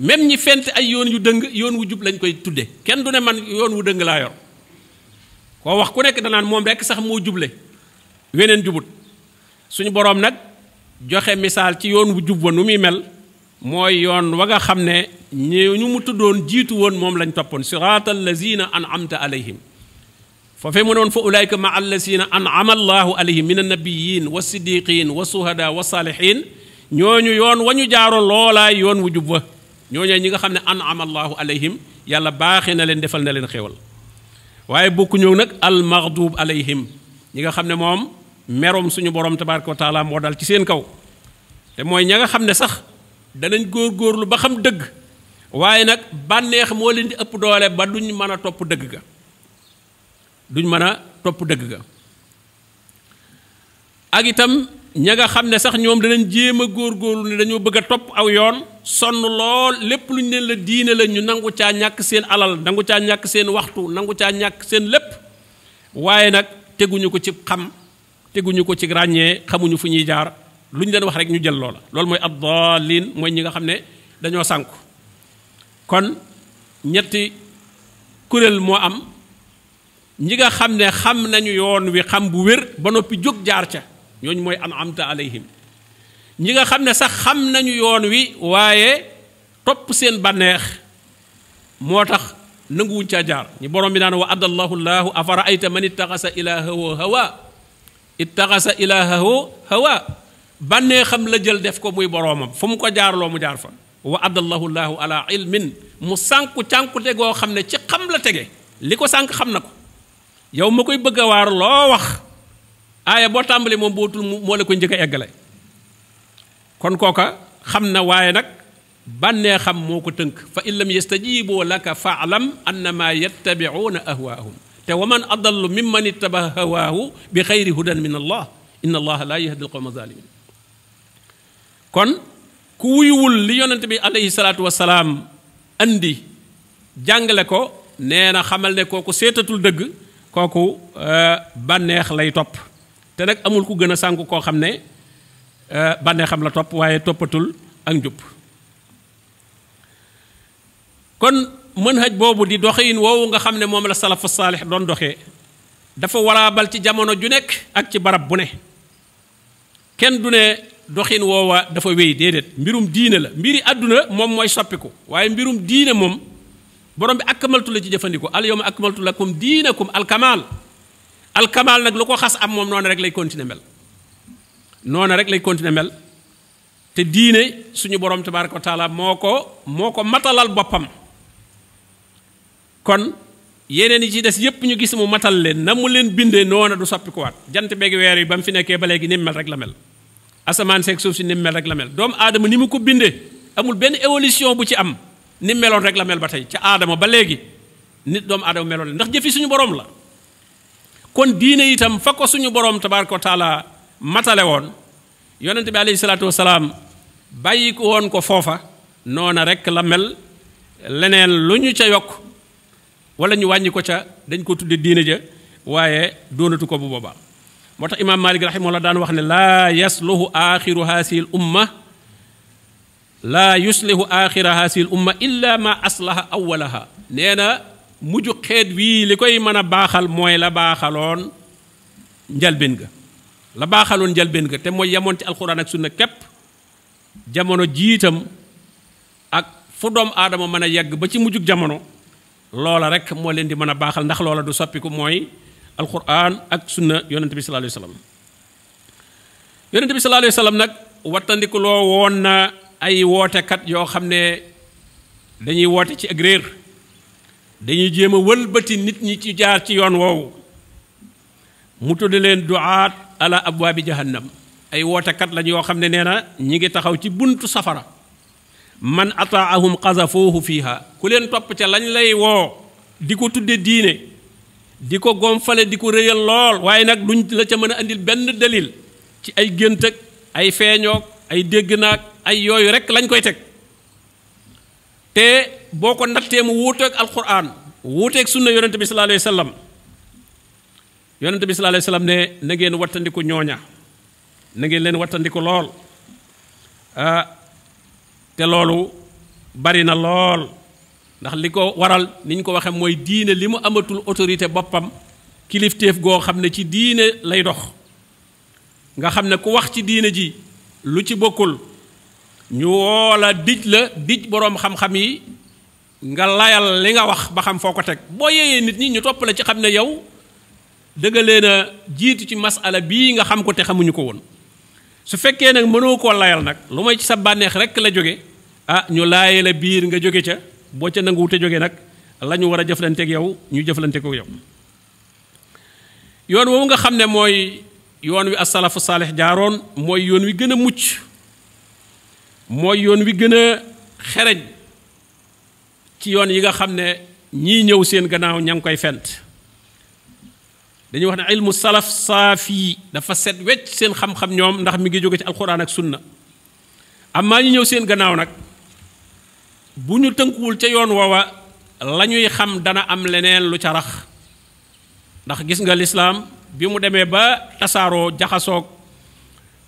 même ñi fent ay yoon yu dëng yoon wu jub lañ koy tudde kenn du ne man yoon wu dëng laa yor koo wax ku nekk danaan moom rekk sax moo juble weneen jubut suñu boroom nag joxe misaal ci yoon wu jub wa nu muy mel mooy yoon wa nga xam ne ñi ñu mu tuddoon jiitu woon moom lañ toppoon siraata allazina an'amta alayhim foofe mu noon fa ulaayka ma allazina an'ama allahu alayhim min annabiyin wa siddiqin wa suhada wa saalihin ñooñu yoon wa jaaro loolaay yoon wu jub wa ñi nga xam ne an'ama allahu alayhim yàlla baaxee na leen defal na leen xéwal waaye bokku ñëw nag almaghduub alayhim ñi nga xam ne moom meroom suñu borom tabaaraka wa taala moo dal ci seen kaw te mooy ña nga xam ne sax danañ góor góorlu ba xam dëgg waaye nag bànneex moo leen di ëpp doole ba duñ mën a topp dëgg ga duñ mën a topp dëgg ga ak itam ña nga xam ne sax ñoom danañ jéem a góorgóorlu ne dañoo bëgg a topp aw yoon sonn lool lépp luñ leen la diine la ñu nangu caa ñàkk seen alal nangu caa ñàkk seen waxtu nangu caa ñàkk seen lépp waaye nag teguñu ko ci xam teguñu ko ci ràññee xamuñu fu ñuy jaar lu ñu leen wax rek ñu jël loola loolu mooy ad-daalliin mooy ñi nga xam ne dañoo sànku kon ñetti kuréel moo am ñi nga xam ne xam nañu yoon wi xam bu wér ba noppi jóg jaar ca ñooñu mooy am amta alayhim ñi nga xam ne sax xam nañu yoon wi waaye topp seen banneex moo tax nanguwuñ caa jaar ñi borom bi naan wa adallahu llahu afa raayta man ittaxasa ilahahu hawa ittaxasa ilaahahu hawa bànnee xam la jël def ko muy boroomam fu mu ko jaarloo mu jaar fa wa adallahu laahu ala ilmin mu xam ne ci xam la tege li ko sànk xam na ko yow ma koy bëgg a waar wax aaya boo tàmbalee moom bootul moo la koy njëkk a eggale kon kooka xam na waaye nag bànnee xam moo ko tënk fa in lam yastajibu laka faalam annama yattabiuuna ahwaahum te wa man adallu mimman ittaba hawaahu bi xayri hudan min allah inna allaha laa yahdi alqawma zalimin kon ku wuyuwul li yonent bi aleyhi salaatu wasalaam andi jàngale ko nee na xamal ne kooku seetatul dëgg kooku euh, bànneex lay topp te nag amul ku gën a sànku koo xam ne euh, bànneexam la topp waaye toppatul ak njub kon mën haj boobu di doxin woowu nga xam ne moom la salafu saalix doon doxee dafa waraabal ci jamono ju nekk ak ci barab bu ne kenn du ne doxin woowa dafa wéy déedéet mbirum diine la mbiri àdduna moom mooy soppiku waaye mbirum diine moom borom bi akmaltu la ci jëfandikoo al yawma akmaltu lakum diinakum alkamaal alkamaal nag lu ko xas am moom noonu rek lay continuer mel noonu rek lay continuer mel te diine suñu borom tabaaraka wa moo ko moo ko matalal boppam kon yeneen yi ci des yépp ñu gis mu matal leen na mu leen bindee noona du soppikuwaat jant beeg weer yi ba mu fi nekkee ba léegi ni mu mel rek la mel asamaan seeg suuf si ni mel rek la mel aadama ni mu ko bindee amul benn évolution bu ci am ni mu rek la mel ba tey ca aadama ba léegi nit doomu aadama meloon ndax jëfi suñu borom la kon diine itam fa ko suñu borom tabaaraka wa matale woon yonente bi aleyhi salaatu wasalaam bàyyi ko woon ko foofa noona rek la mel leneen lu ñu ca yokk wala ñu wàññi ko ca dañ ko tuddee diine ja waaye doonatu ko bu boobaa moo tax imaam malik rahimahullah daan wax ne laa yasluhu axiru haasihi l umma laa yuslihu axira haasihi l umma illa ma aslaha awalaha nee na mujj xeet wii li koy mën a baaxal mooy la baaxaloon njalbeen ga la baaxaloon njalbeen ga te mooy yemoon ci alxuraan ak sunna képp jamono jiitam ak fu doom aadama mën a yegg ba ci mujjug jamono loola rek moo leen di mën a baaxal ndax loola du soppiku mooy alquran ak sunna yonente bi sallallahu alayhi wa sallam yonente bi sallallahu alayhi nag wattandikuloo woon na ay wootekat yoo xam ne dañuy woote ci ak réer dañuy jéem a wëlbati nit ñi ci jaar ci yoon woowu mu tudd leen duaat ala abwaabi jahannam ay wootekat lañ yoo xam ne nee na ñi ngi taxaw ci buntu safara man ataahum xasafuuhu fiiha ku leen topp ca lañ lay woo di ko tudde diine di ko gomfale di ko réyal lool waaye nag duñ la ca mën a andil benn dalil ci ay gént ak ay feeñoog ay dégg naag ay yooyu rek lañ koy teg te boo ko nattee mu wuuteeg alquran wuuteeg sunna yonente bi sallallahu alayhi wa sallam bi sallallahu alayhi wa ne na ngeen wattandiku ñooña na ngeen leen wattandiku lool ah, te loolu bari na lool ndax li ko waral ni ñu ko waxee mooy diine li mu amatul autorité boppam kilifteef goo xam ne ci diine lay dox nga xam ne ku wax ci diine ji lu ci bokkul ñu woola dij la dij boroom xam-xam yi nga layal li nga wax ba xam foo ko teg boo yeeyee nit ñi ñu topp la ci xam ne yow dëgg na a jiitu ci masala bii nga xam ko te xamuñu ko woon su fekkee nag mënoo koo layal nag lu may ci sa bànneex rek la jóge ah ñu laaye la biir nga jóge ca boo ca nangu jóge nag la ñu war a jëflanteeg yow ñu jëflante ko yow yoon woowu nga xam ne mooy yoon wi asalafu saalix jaaroon mooy yoon wi gën a mucc mooy yoon wi gën a xereñ ci yoon yi nga xam ne ñii ñëw seen gannaaw ña ngi koy fent dañuy wax ne ilmu salaf saafi dafa set wecc seen xam-xam ñoom ndax mi ngi jóge ci alxuraan ak sunna amaa ñu ñëw seen gannaaw nag bu ñu tënkuwul ca yoon woowa la xam dana am leneen lu ca rax ndax gis nga lislaam bi mu demee ba tasaaroo jaxasoo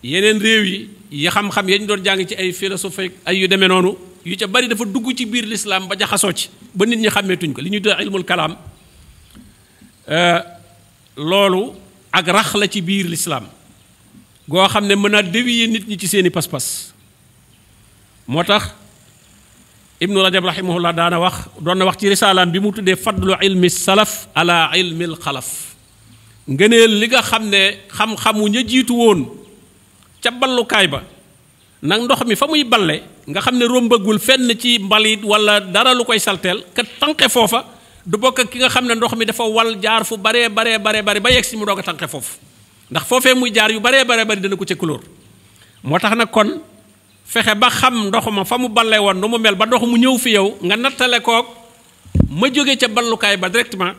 yeneen réew yi yi xam-xam yañ doon jàng ci ay philosophe ay yu demee noonu yu ca bari dafa dugg ci biir lislaam ba jaxasoo ci ba nit ñi xàmmeetuñ ko li ñuy tuddee ilmul kalaam euh, loolu ak rax la ci biir lislaam goo xam ne mën a dévier nit ñi ci seeni pas-pas moo tax ibnu rajab rahimahullah daana wax doon na wax ci risaalaam bi mu tuddee fadlu ilmi salaf ala ilmi xalaf ngëneel li nga xam ne xam-xamu ña jiitu woon ca ballukaay ba nag ndox mi fa muy balle nga xam ne rombagul fenn ci mbalit walla dara lu koy salteel ka tànqe foofa du bokk ak ki nga xam ne ndox mi dafa wal jaar fu bare baree baree bari ba yegg si mu doog a tànqe foofu ndax foofee muy jaar yu baree bare bari dina ko ca couleur moo tax nag kon fexe ba xam ndox ma fa mu balle woon nu mu mel ba ndox mu ñëw fi yow nga nattale koog ma jóge ca ballukaay ba directement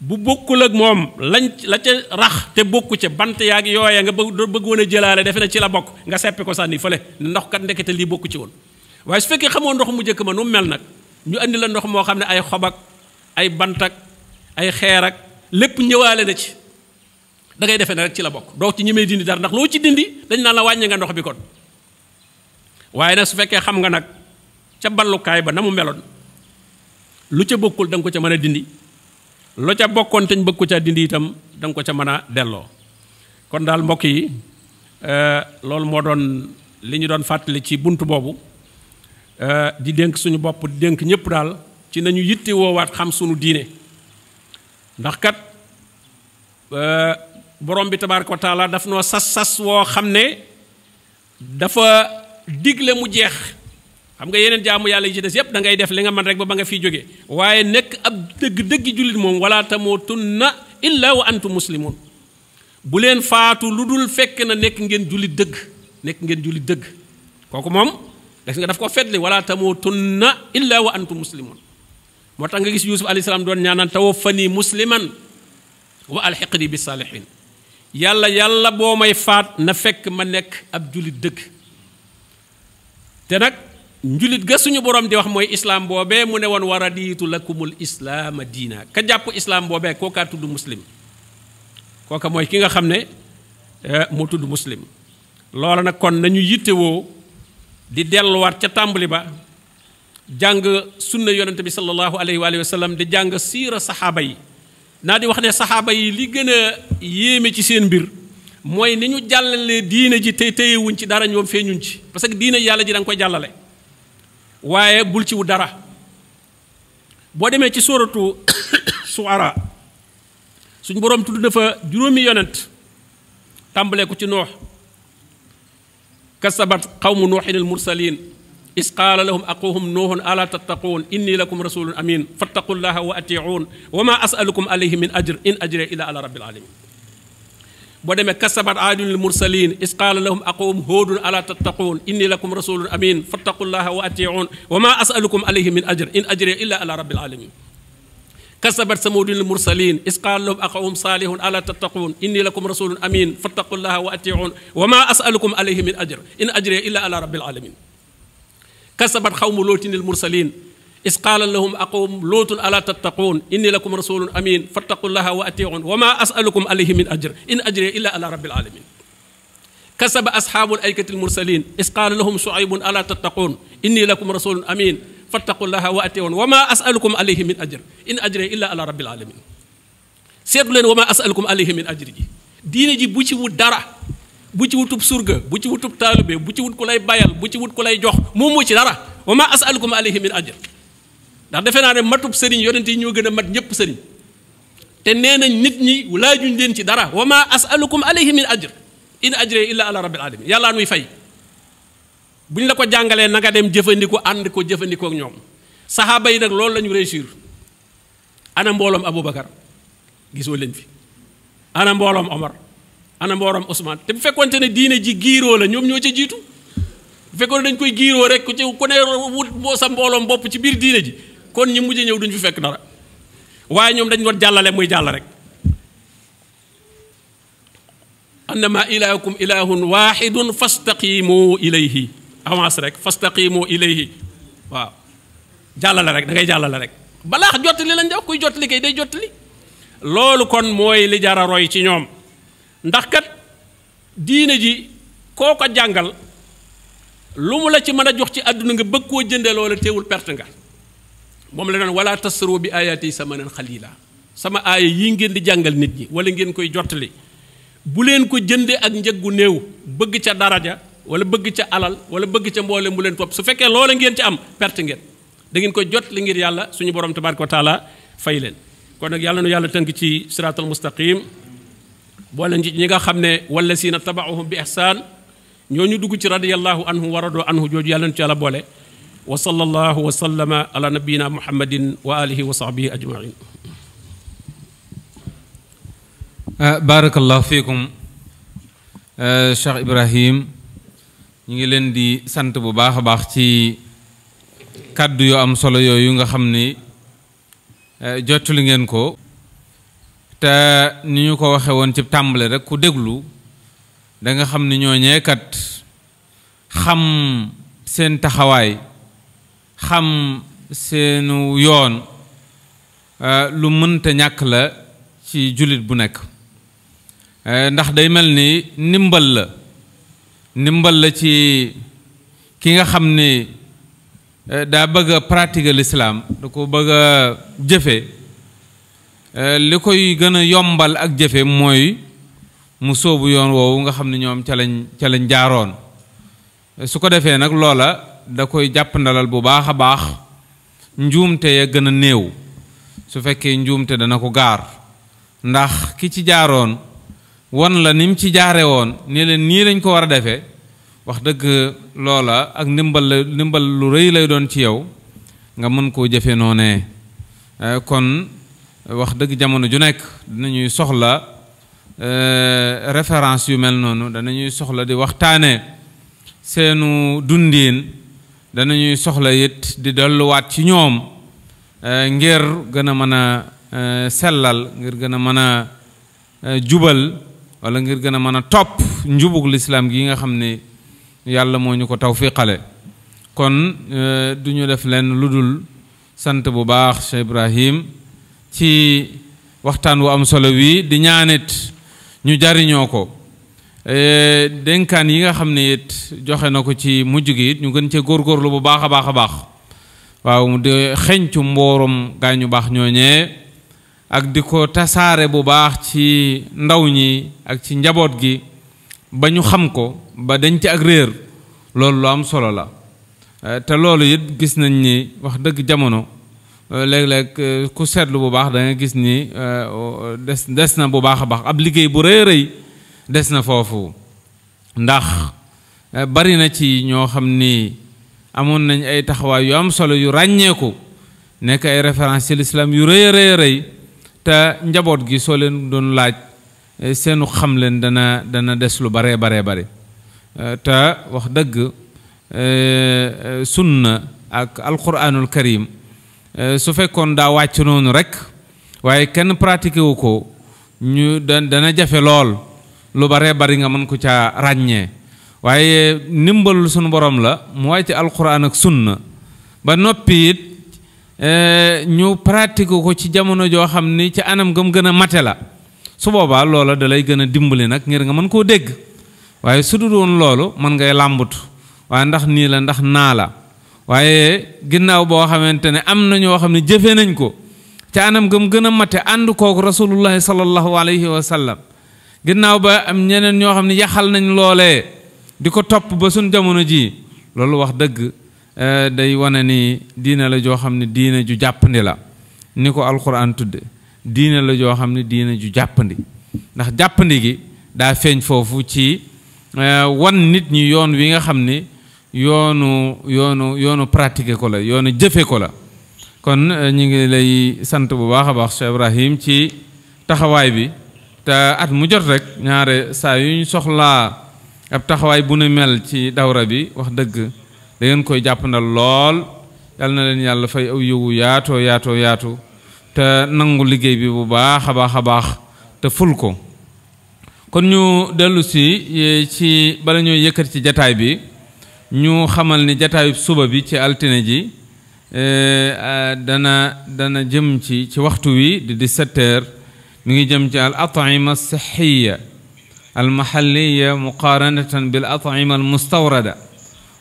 bu bokkul ak moom lañ la ca rax te bokku ca bant yaa ngi yooyee nga bëgg bëgg woon a jëlaale defe ci la bokk nga seppi sànni fële ndox kat ndekete lii bokku ci woon waaye su fekkee xamoo ndox mu njëkk ma nu mel nag ñu andi la ndox moo xam ne ay xobak ay bantak ay xeer ak lépp ñëwaale na ci da ngay defee ne ci la bokk doo ci ñemee dindi dara ndax loo ci dindi dañ naan la wàññi nga ndox bi kon waaye nag su fekkee xam nga nag ca ballukaay ba na mu meloon lu ca bokkul da ko ca mën a dindi lu ca bokkoon te ñu bëgg ko ca dindi itam da ko ca mën a delloo kon daal mbokk yi euh, loolu moo doon li ñu doon fàttali ci bunt boobu euh, di dénk suñu bopp di dénk ñëpp daal ci nañu yitte woowaat xam sunu diine ndax kat euh, borom bi tabaaraka wa taala daf noo sas sas woo xam ne dafa digle mu jeex xam nga yeneen jaamu yàlla yi ci des yépp da ngay def li nga man rek ba ba nga fiy jóge waaye nekk ab dëgg-dëggi jullit moom wala tamootunna illa wa antum muslimun bu leen faatu lu dul fekk na nekk ngeen jullit dëgg nekk ngeen jullit dëgg kooku moom gis nga daf ko fetli wala tamootunna illa wa antum muslimun moo tax nga gis Yuusuf alayhi salaam doon ñaanaan tawaffanii musliman wa alxiqnii bi saalihiin yàlla yàlla boo may faat na fekk ma nekk ab jullit dëkk te nag njullit ga suñu boroom di wax mooy islaam boobee mu ne woon wa radiitu lakumul islaama diina ka jàpp islaam boobee kookaa tudd muslim kooka mooy ki nga xam ne eh, moo tudd muslim loola nag kon nañu yittewoo di delluwaat ca tàmbali ba jàng sunna yonente bi sallallahu alayhi wa sallam di jàng siira saxaaba yi naa di wax ne saxaaba yi li gën a yéeme ci seen mbir mooy ni ñu jàllale diine ji te téyewuñ ci dara ñoom feeñuñ ci parce que diine yàlla ji da nga koy jàllale waaye bul ci wu dara boo demee ci sóoratu suara suñ boroom tudd dafa juróomi yonent tàmbalee ko ci noox kasabat qawmu nooxin al mursalin is qaala lahum aquhum nuuhun ala tattaquun inni lakum rasulun amin fattaqullaha wa atiun wa ma asalukum alayhi min ajr in ajriya illa ala rabbil alamin boo demee kasabat aadun lil mursalin is qaala lahum aquhum huudun ala tattaquun inni lakum rasulun amin fattaqullaha wa atiun wa ma asalukum alayhi min ajr in ajriya illa ala rabbil alamin kasabat samuudun lil mursalin is qaala lahum axahum saalihun alaa tattaquun inni lakum rasulun amin fattaqullaha wa atiun wa ma asalukum alayhi min ajr in ajriya illa ala rabbil alamin kasabat xawmu lootinil mursalin is qaala lahum aqawm lootun ala tattaquun inni lakum rasulun amin fattaqullaha wa atiun wa ma asalukum alayhi min ajr in ajriya illa ala rabbil alamin kasaba asxaabu aykatil mursalin is qaala lahum shuaybun ala tattaquun inni lakum rasulun amin fattaqullaha wa atiun wa ma asalukum alayhi min ajr in ajriya illa ala rabbil alamin seetu leen wa ma asalukum alayhi min ajri ji diine ji bu ci wu dara bu ci wutub surga bu ci wutub taalube bu ci wut ko lay bayal bu ci wut ko lay jox moom mooy ci dara wa ma asalukum alayhi min ajr ndax defe naa ne matub sëriñ yonent yi ñoo gën a mat ñëpp sëriñ te nee nañ nit ñi laajuñ leen ci dara wa ma asalukum alayhi min ajr in ajre illa ala rabbil alamin yàllaa nuy fay bu ñu la ko jàngalee nanga dem jëfandikoo ànd ko jëfandikoo ak ñoom saxaaba yi nag loolu lañu ñu réussir ana mbooloom Aboubacar gisoo leen fi ana mbooloom Omar ana mbooram Ousmane te bu fekkonte ne diine ji giiroo la ñoom ñoo ca jiitu bu fekkoon dañ koy giiroo rek ku ci ku ne wut boo sa mbooloom bopp ci biir diine ji kon ñi mujj ñëw duñ fi fekk dara waaye ñoom dañ doon jàllale muy jàll rek annama ilaakum ilaahun waahidun fastaqimu ilayhi avance rek fastaqimu ilayhi waaw jàllale rek dangay jàllale rek balaax jottali lañ def kuy jottali kay day jottali loolu kon mooy li jara roy ci ñoom ndax kat diine ji koo ko jàngal lu mu la ci mën a jox ci àdduna nga bëgg koo jëndee loola teewul perte nga moom la doon tas tasaroo bi aayaat yi sama neen xalila sama aaya yi ngeen di jàngal nit ñi wala ngeen koy jottali bu leen ko jëndee ak njëggu néew bëgg ca daraja wala bëgg ca alal wala bëgg ca mboole mu leen topp su fekkee loole ngeen ci am perte ngeen da ngeen ko jot li ngir yàlla suñu borom tabaraka wa fay leen kon nag yàlla nu yàlla tënk ci siraatal mustaqim boole ñi nga xam ne wala siina tabaahum bi ihsaan ñu dugg ci radiyallahu anhu wa rado anhu jooju yàlla na ci yàlla boole wa sallallahu wa sallama ala nabiyina muhammadin wa alihi wa sahbihi ajmain ah, barakallahu fiikum ah, Cheikh Ibrahim ñu ngi leen di sant bu baax a baax ci kàddu yu am solo yooyu nga xam ni ah, jottali ngeen ko te ni ñu ko waxee woon ci tàmbali rek ku déglu danga xam ni ñoo kat xam seen taxawaay xam seenu yoon euh, lu mënta ñàkk la ci jullit bu nekk euh, ndax day mel ni ndimbal la ndimbal la ci ki nga xam ni euh, daa bëgg a pratiquer l'islam da ko bëgg a jëfe Euh, li koy gën a yombal ak jëfe mooy mu sóobu yoon woowu nga xam ne ñoom ca lañ ca lañ jaaroon euh, su ko defee nag loola da koy jàpp ndalal bu baax a baax njuumte ya gën a néew su fekkee njuumte dana ko gaar ndax ki ci jaaroon won la ni nim ci jaare woon ne leen nii lañ ko war a defee wax dëgg loola ak ndimbal la ndimbal lu rëy lay doon ci yow nga mën koo jëfe noonee euh, kon wax dëgg jamono ju nekk dinañuy soxla euh, référence yu mel noonu danañuy soxla di waxtaane seenu dundiin danañuy soxla it di delluwaat ci ñoom euh, ngir gën a mën a euh, sellal ngir gën a mën a jubal wala ngir gën a mën a topp njubug lislaam gi nga xam ni yàlla moo ñu ko tawfiqale kon du ñu def leen lu dul sant bu baax Cheikh Ibrahim ci waxtaan wu am solo wii di ñaanit ñu jariñoo ko e, dénkaan yi nga xam ni it joxe na ko ci mujj gi it ñu gën cee góorgóorlu bu baax a baax a baax waaw di xencu mbooroom gaa ñu baax ñoo ñooñee ak di ko tasaare bu baax ci ndaw ñi ak ci njaboot gi ba ñu xam ko ba denc ci ak réer loolu lu am solo la e, te loolu it gis nañ ni wax dëgg jamono Euh, léeg-léeg euh, ku seetlu bu baax danga gis ni euh, des des na bu baax a baax ab liggéey bu rëy rëy des na foofu ndax bari na ci ñoo xam ni amoon nañ ay taxawaay yu am solo yu ràññeeku nekk ay référence ci lislaam yu rëy rëy rëy te njaboot gi soo leen doon laaj seenu xam leen dana dana des lu baree baree bare te wax dëgg sunna ak alquranul karim Euh, su fekkoon daa wàcc noonu rek waaye kenn pratiqué wu ko ñu da dana jafe lool lu baree bari nga mën ko caa ràññee waaye ndimbalul sunu borom la mu wàcc alquran ak sunna ba noppi it euh, ñu pratiqué ko ci jamono joo xam ni ci anam gam gën a mate la su boobaa loola da lay gën a dimbali nag ngir nga mën koo dégg waaye su dul woon loolu mën ngay làmbut waaye ndax nii la ndax naa la waaye ginnaaw boo xamante ne am na ñoo xam ne jëfe nañ ko ca anam gëm gën a mate ànd kook rasulullahi sallallahu alayhi wa sallam ginnaaw ba am ñeneen ñoo xam ne yaxal nañ loole di ko topp ba suñ jamono ji loolu wax dëgg eh, day wane ni diine la joo xam ne diine ju jàppandi la ni ko alquran tudde diine la joo xam ne diine ju jàppandi ndax jàppandi gi daa feeñ foofu ci eh, wan nit ñi yoon wi nga xam ni yoonu yoonu yoonu pratiquer ko la yoonu jëfe ko la kon eh, ñu ngi lay sant bu baax a baax Cheikh Ibrahim ci taxawaay bi te at mu jot rek ñaare saa yuñ soxlaa ab taxawaay bu nu mel ci dawra bi wax dëgg da ngeen koy jàppandal lool yal na leen yàlla fay aw yëwu yaatoo yaatoo yaatu te nangu liggéey bi bu baax a baax a baax te ful ko kon ñu dellu eh, ci bala ñuy yëkkat ci jataay bi ñu xamal ni jataayub suba bi ci altine ji e, dana jëm ci ci waxtu wi di 17h mi ngi jëm ci al ataima saxiya al maxalliya muqaaranatan bil ataima al mustawrada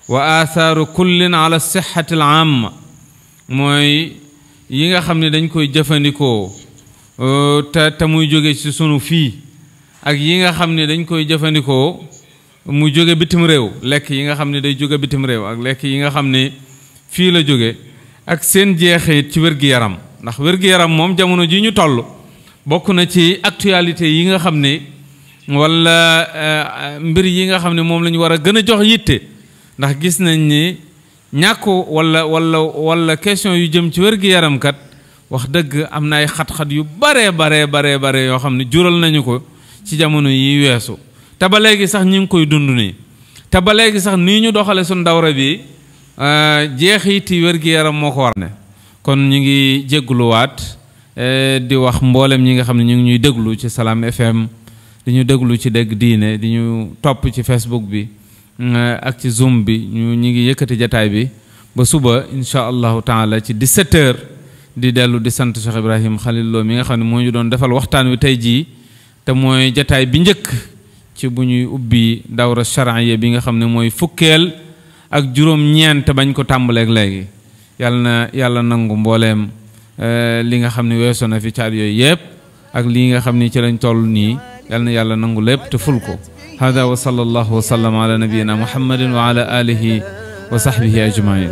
wa athaaru kullin ala sixati al aama mooy yi nga xam ne dañ koy jëfandikoo e, te muy jóge ci sunu fii ak yi nga xam ne dañ koy jëfandikoo mu jóge bitim réew lekk yi nga xam ne day jóge bitim réew ak lekk yi nga xam ne fii la jóge ak seen jeexee ci wér-gi-yaram ndax wér-gi-yaram moom jamono ji ñu toll bokk na ci actualité yi nga xam ne wala euh, mbir yi nga xam ne moom la ñu war a gën a jox yitte ndax gis nañ ni ñàkk wala walla wala question yu jëm ci wér gi yaramkat wax dëgg am na ay xat-xat yu baree bare baree bare yoo xam ne jural nañu ko ci jamono yi weesu te ba léegi sax ñu ngi koy dund nii te ba léegi sax ni ñu doxale su dawra bi euh, jeexiti wér-gi-yaram moo ko war ne kon ñu ngi jéggluwaat euh, di wax mboolem ñi nga xam ne ñu ngi ñuy déglu ci Salam FM di ñu déglu ci dégg diine di ñu topp ci Facebook bi euh, ak ci Zoom bi ñu ñu ngi yëkkati jataay bi ba suba incha allahu taala ci di heures di dellu di sant Cheikh Ibrahim Khalil Lo mi nga xam ne moo ñu doon defal waxtaan wi tey jii te mooy jataay bi njëkk ci bu ñuy ubbi dawra charia bi nga xam ne mooy fukkeel ak juróom-ñeent bañ ko tàmbaleeg léegi yàlla na yàlla nangu mbooleem eh, li nga xam ne weesoo na fi caat yooyu yëpp ak lii nga xam ne ci lañ toll nii yàlla na yàlla nangu lépp te ful ko hada wa sallallahu wa sallam ala nabiyina muhammadin wa ala alihi wa sahbihi ajmain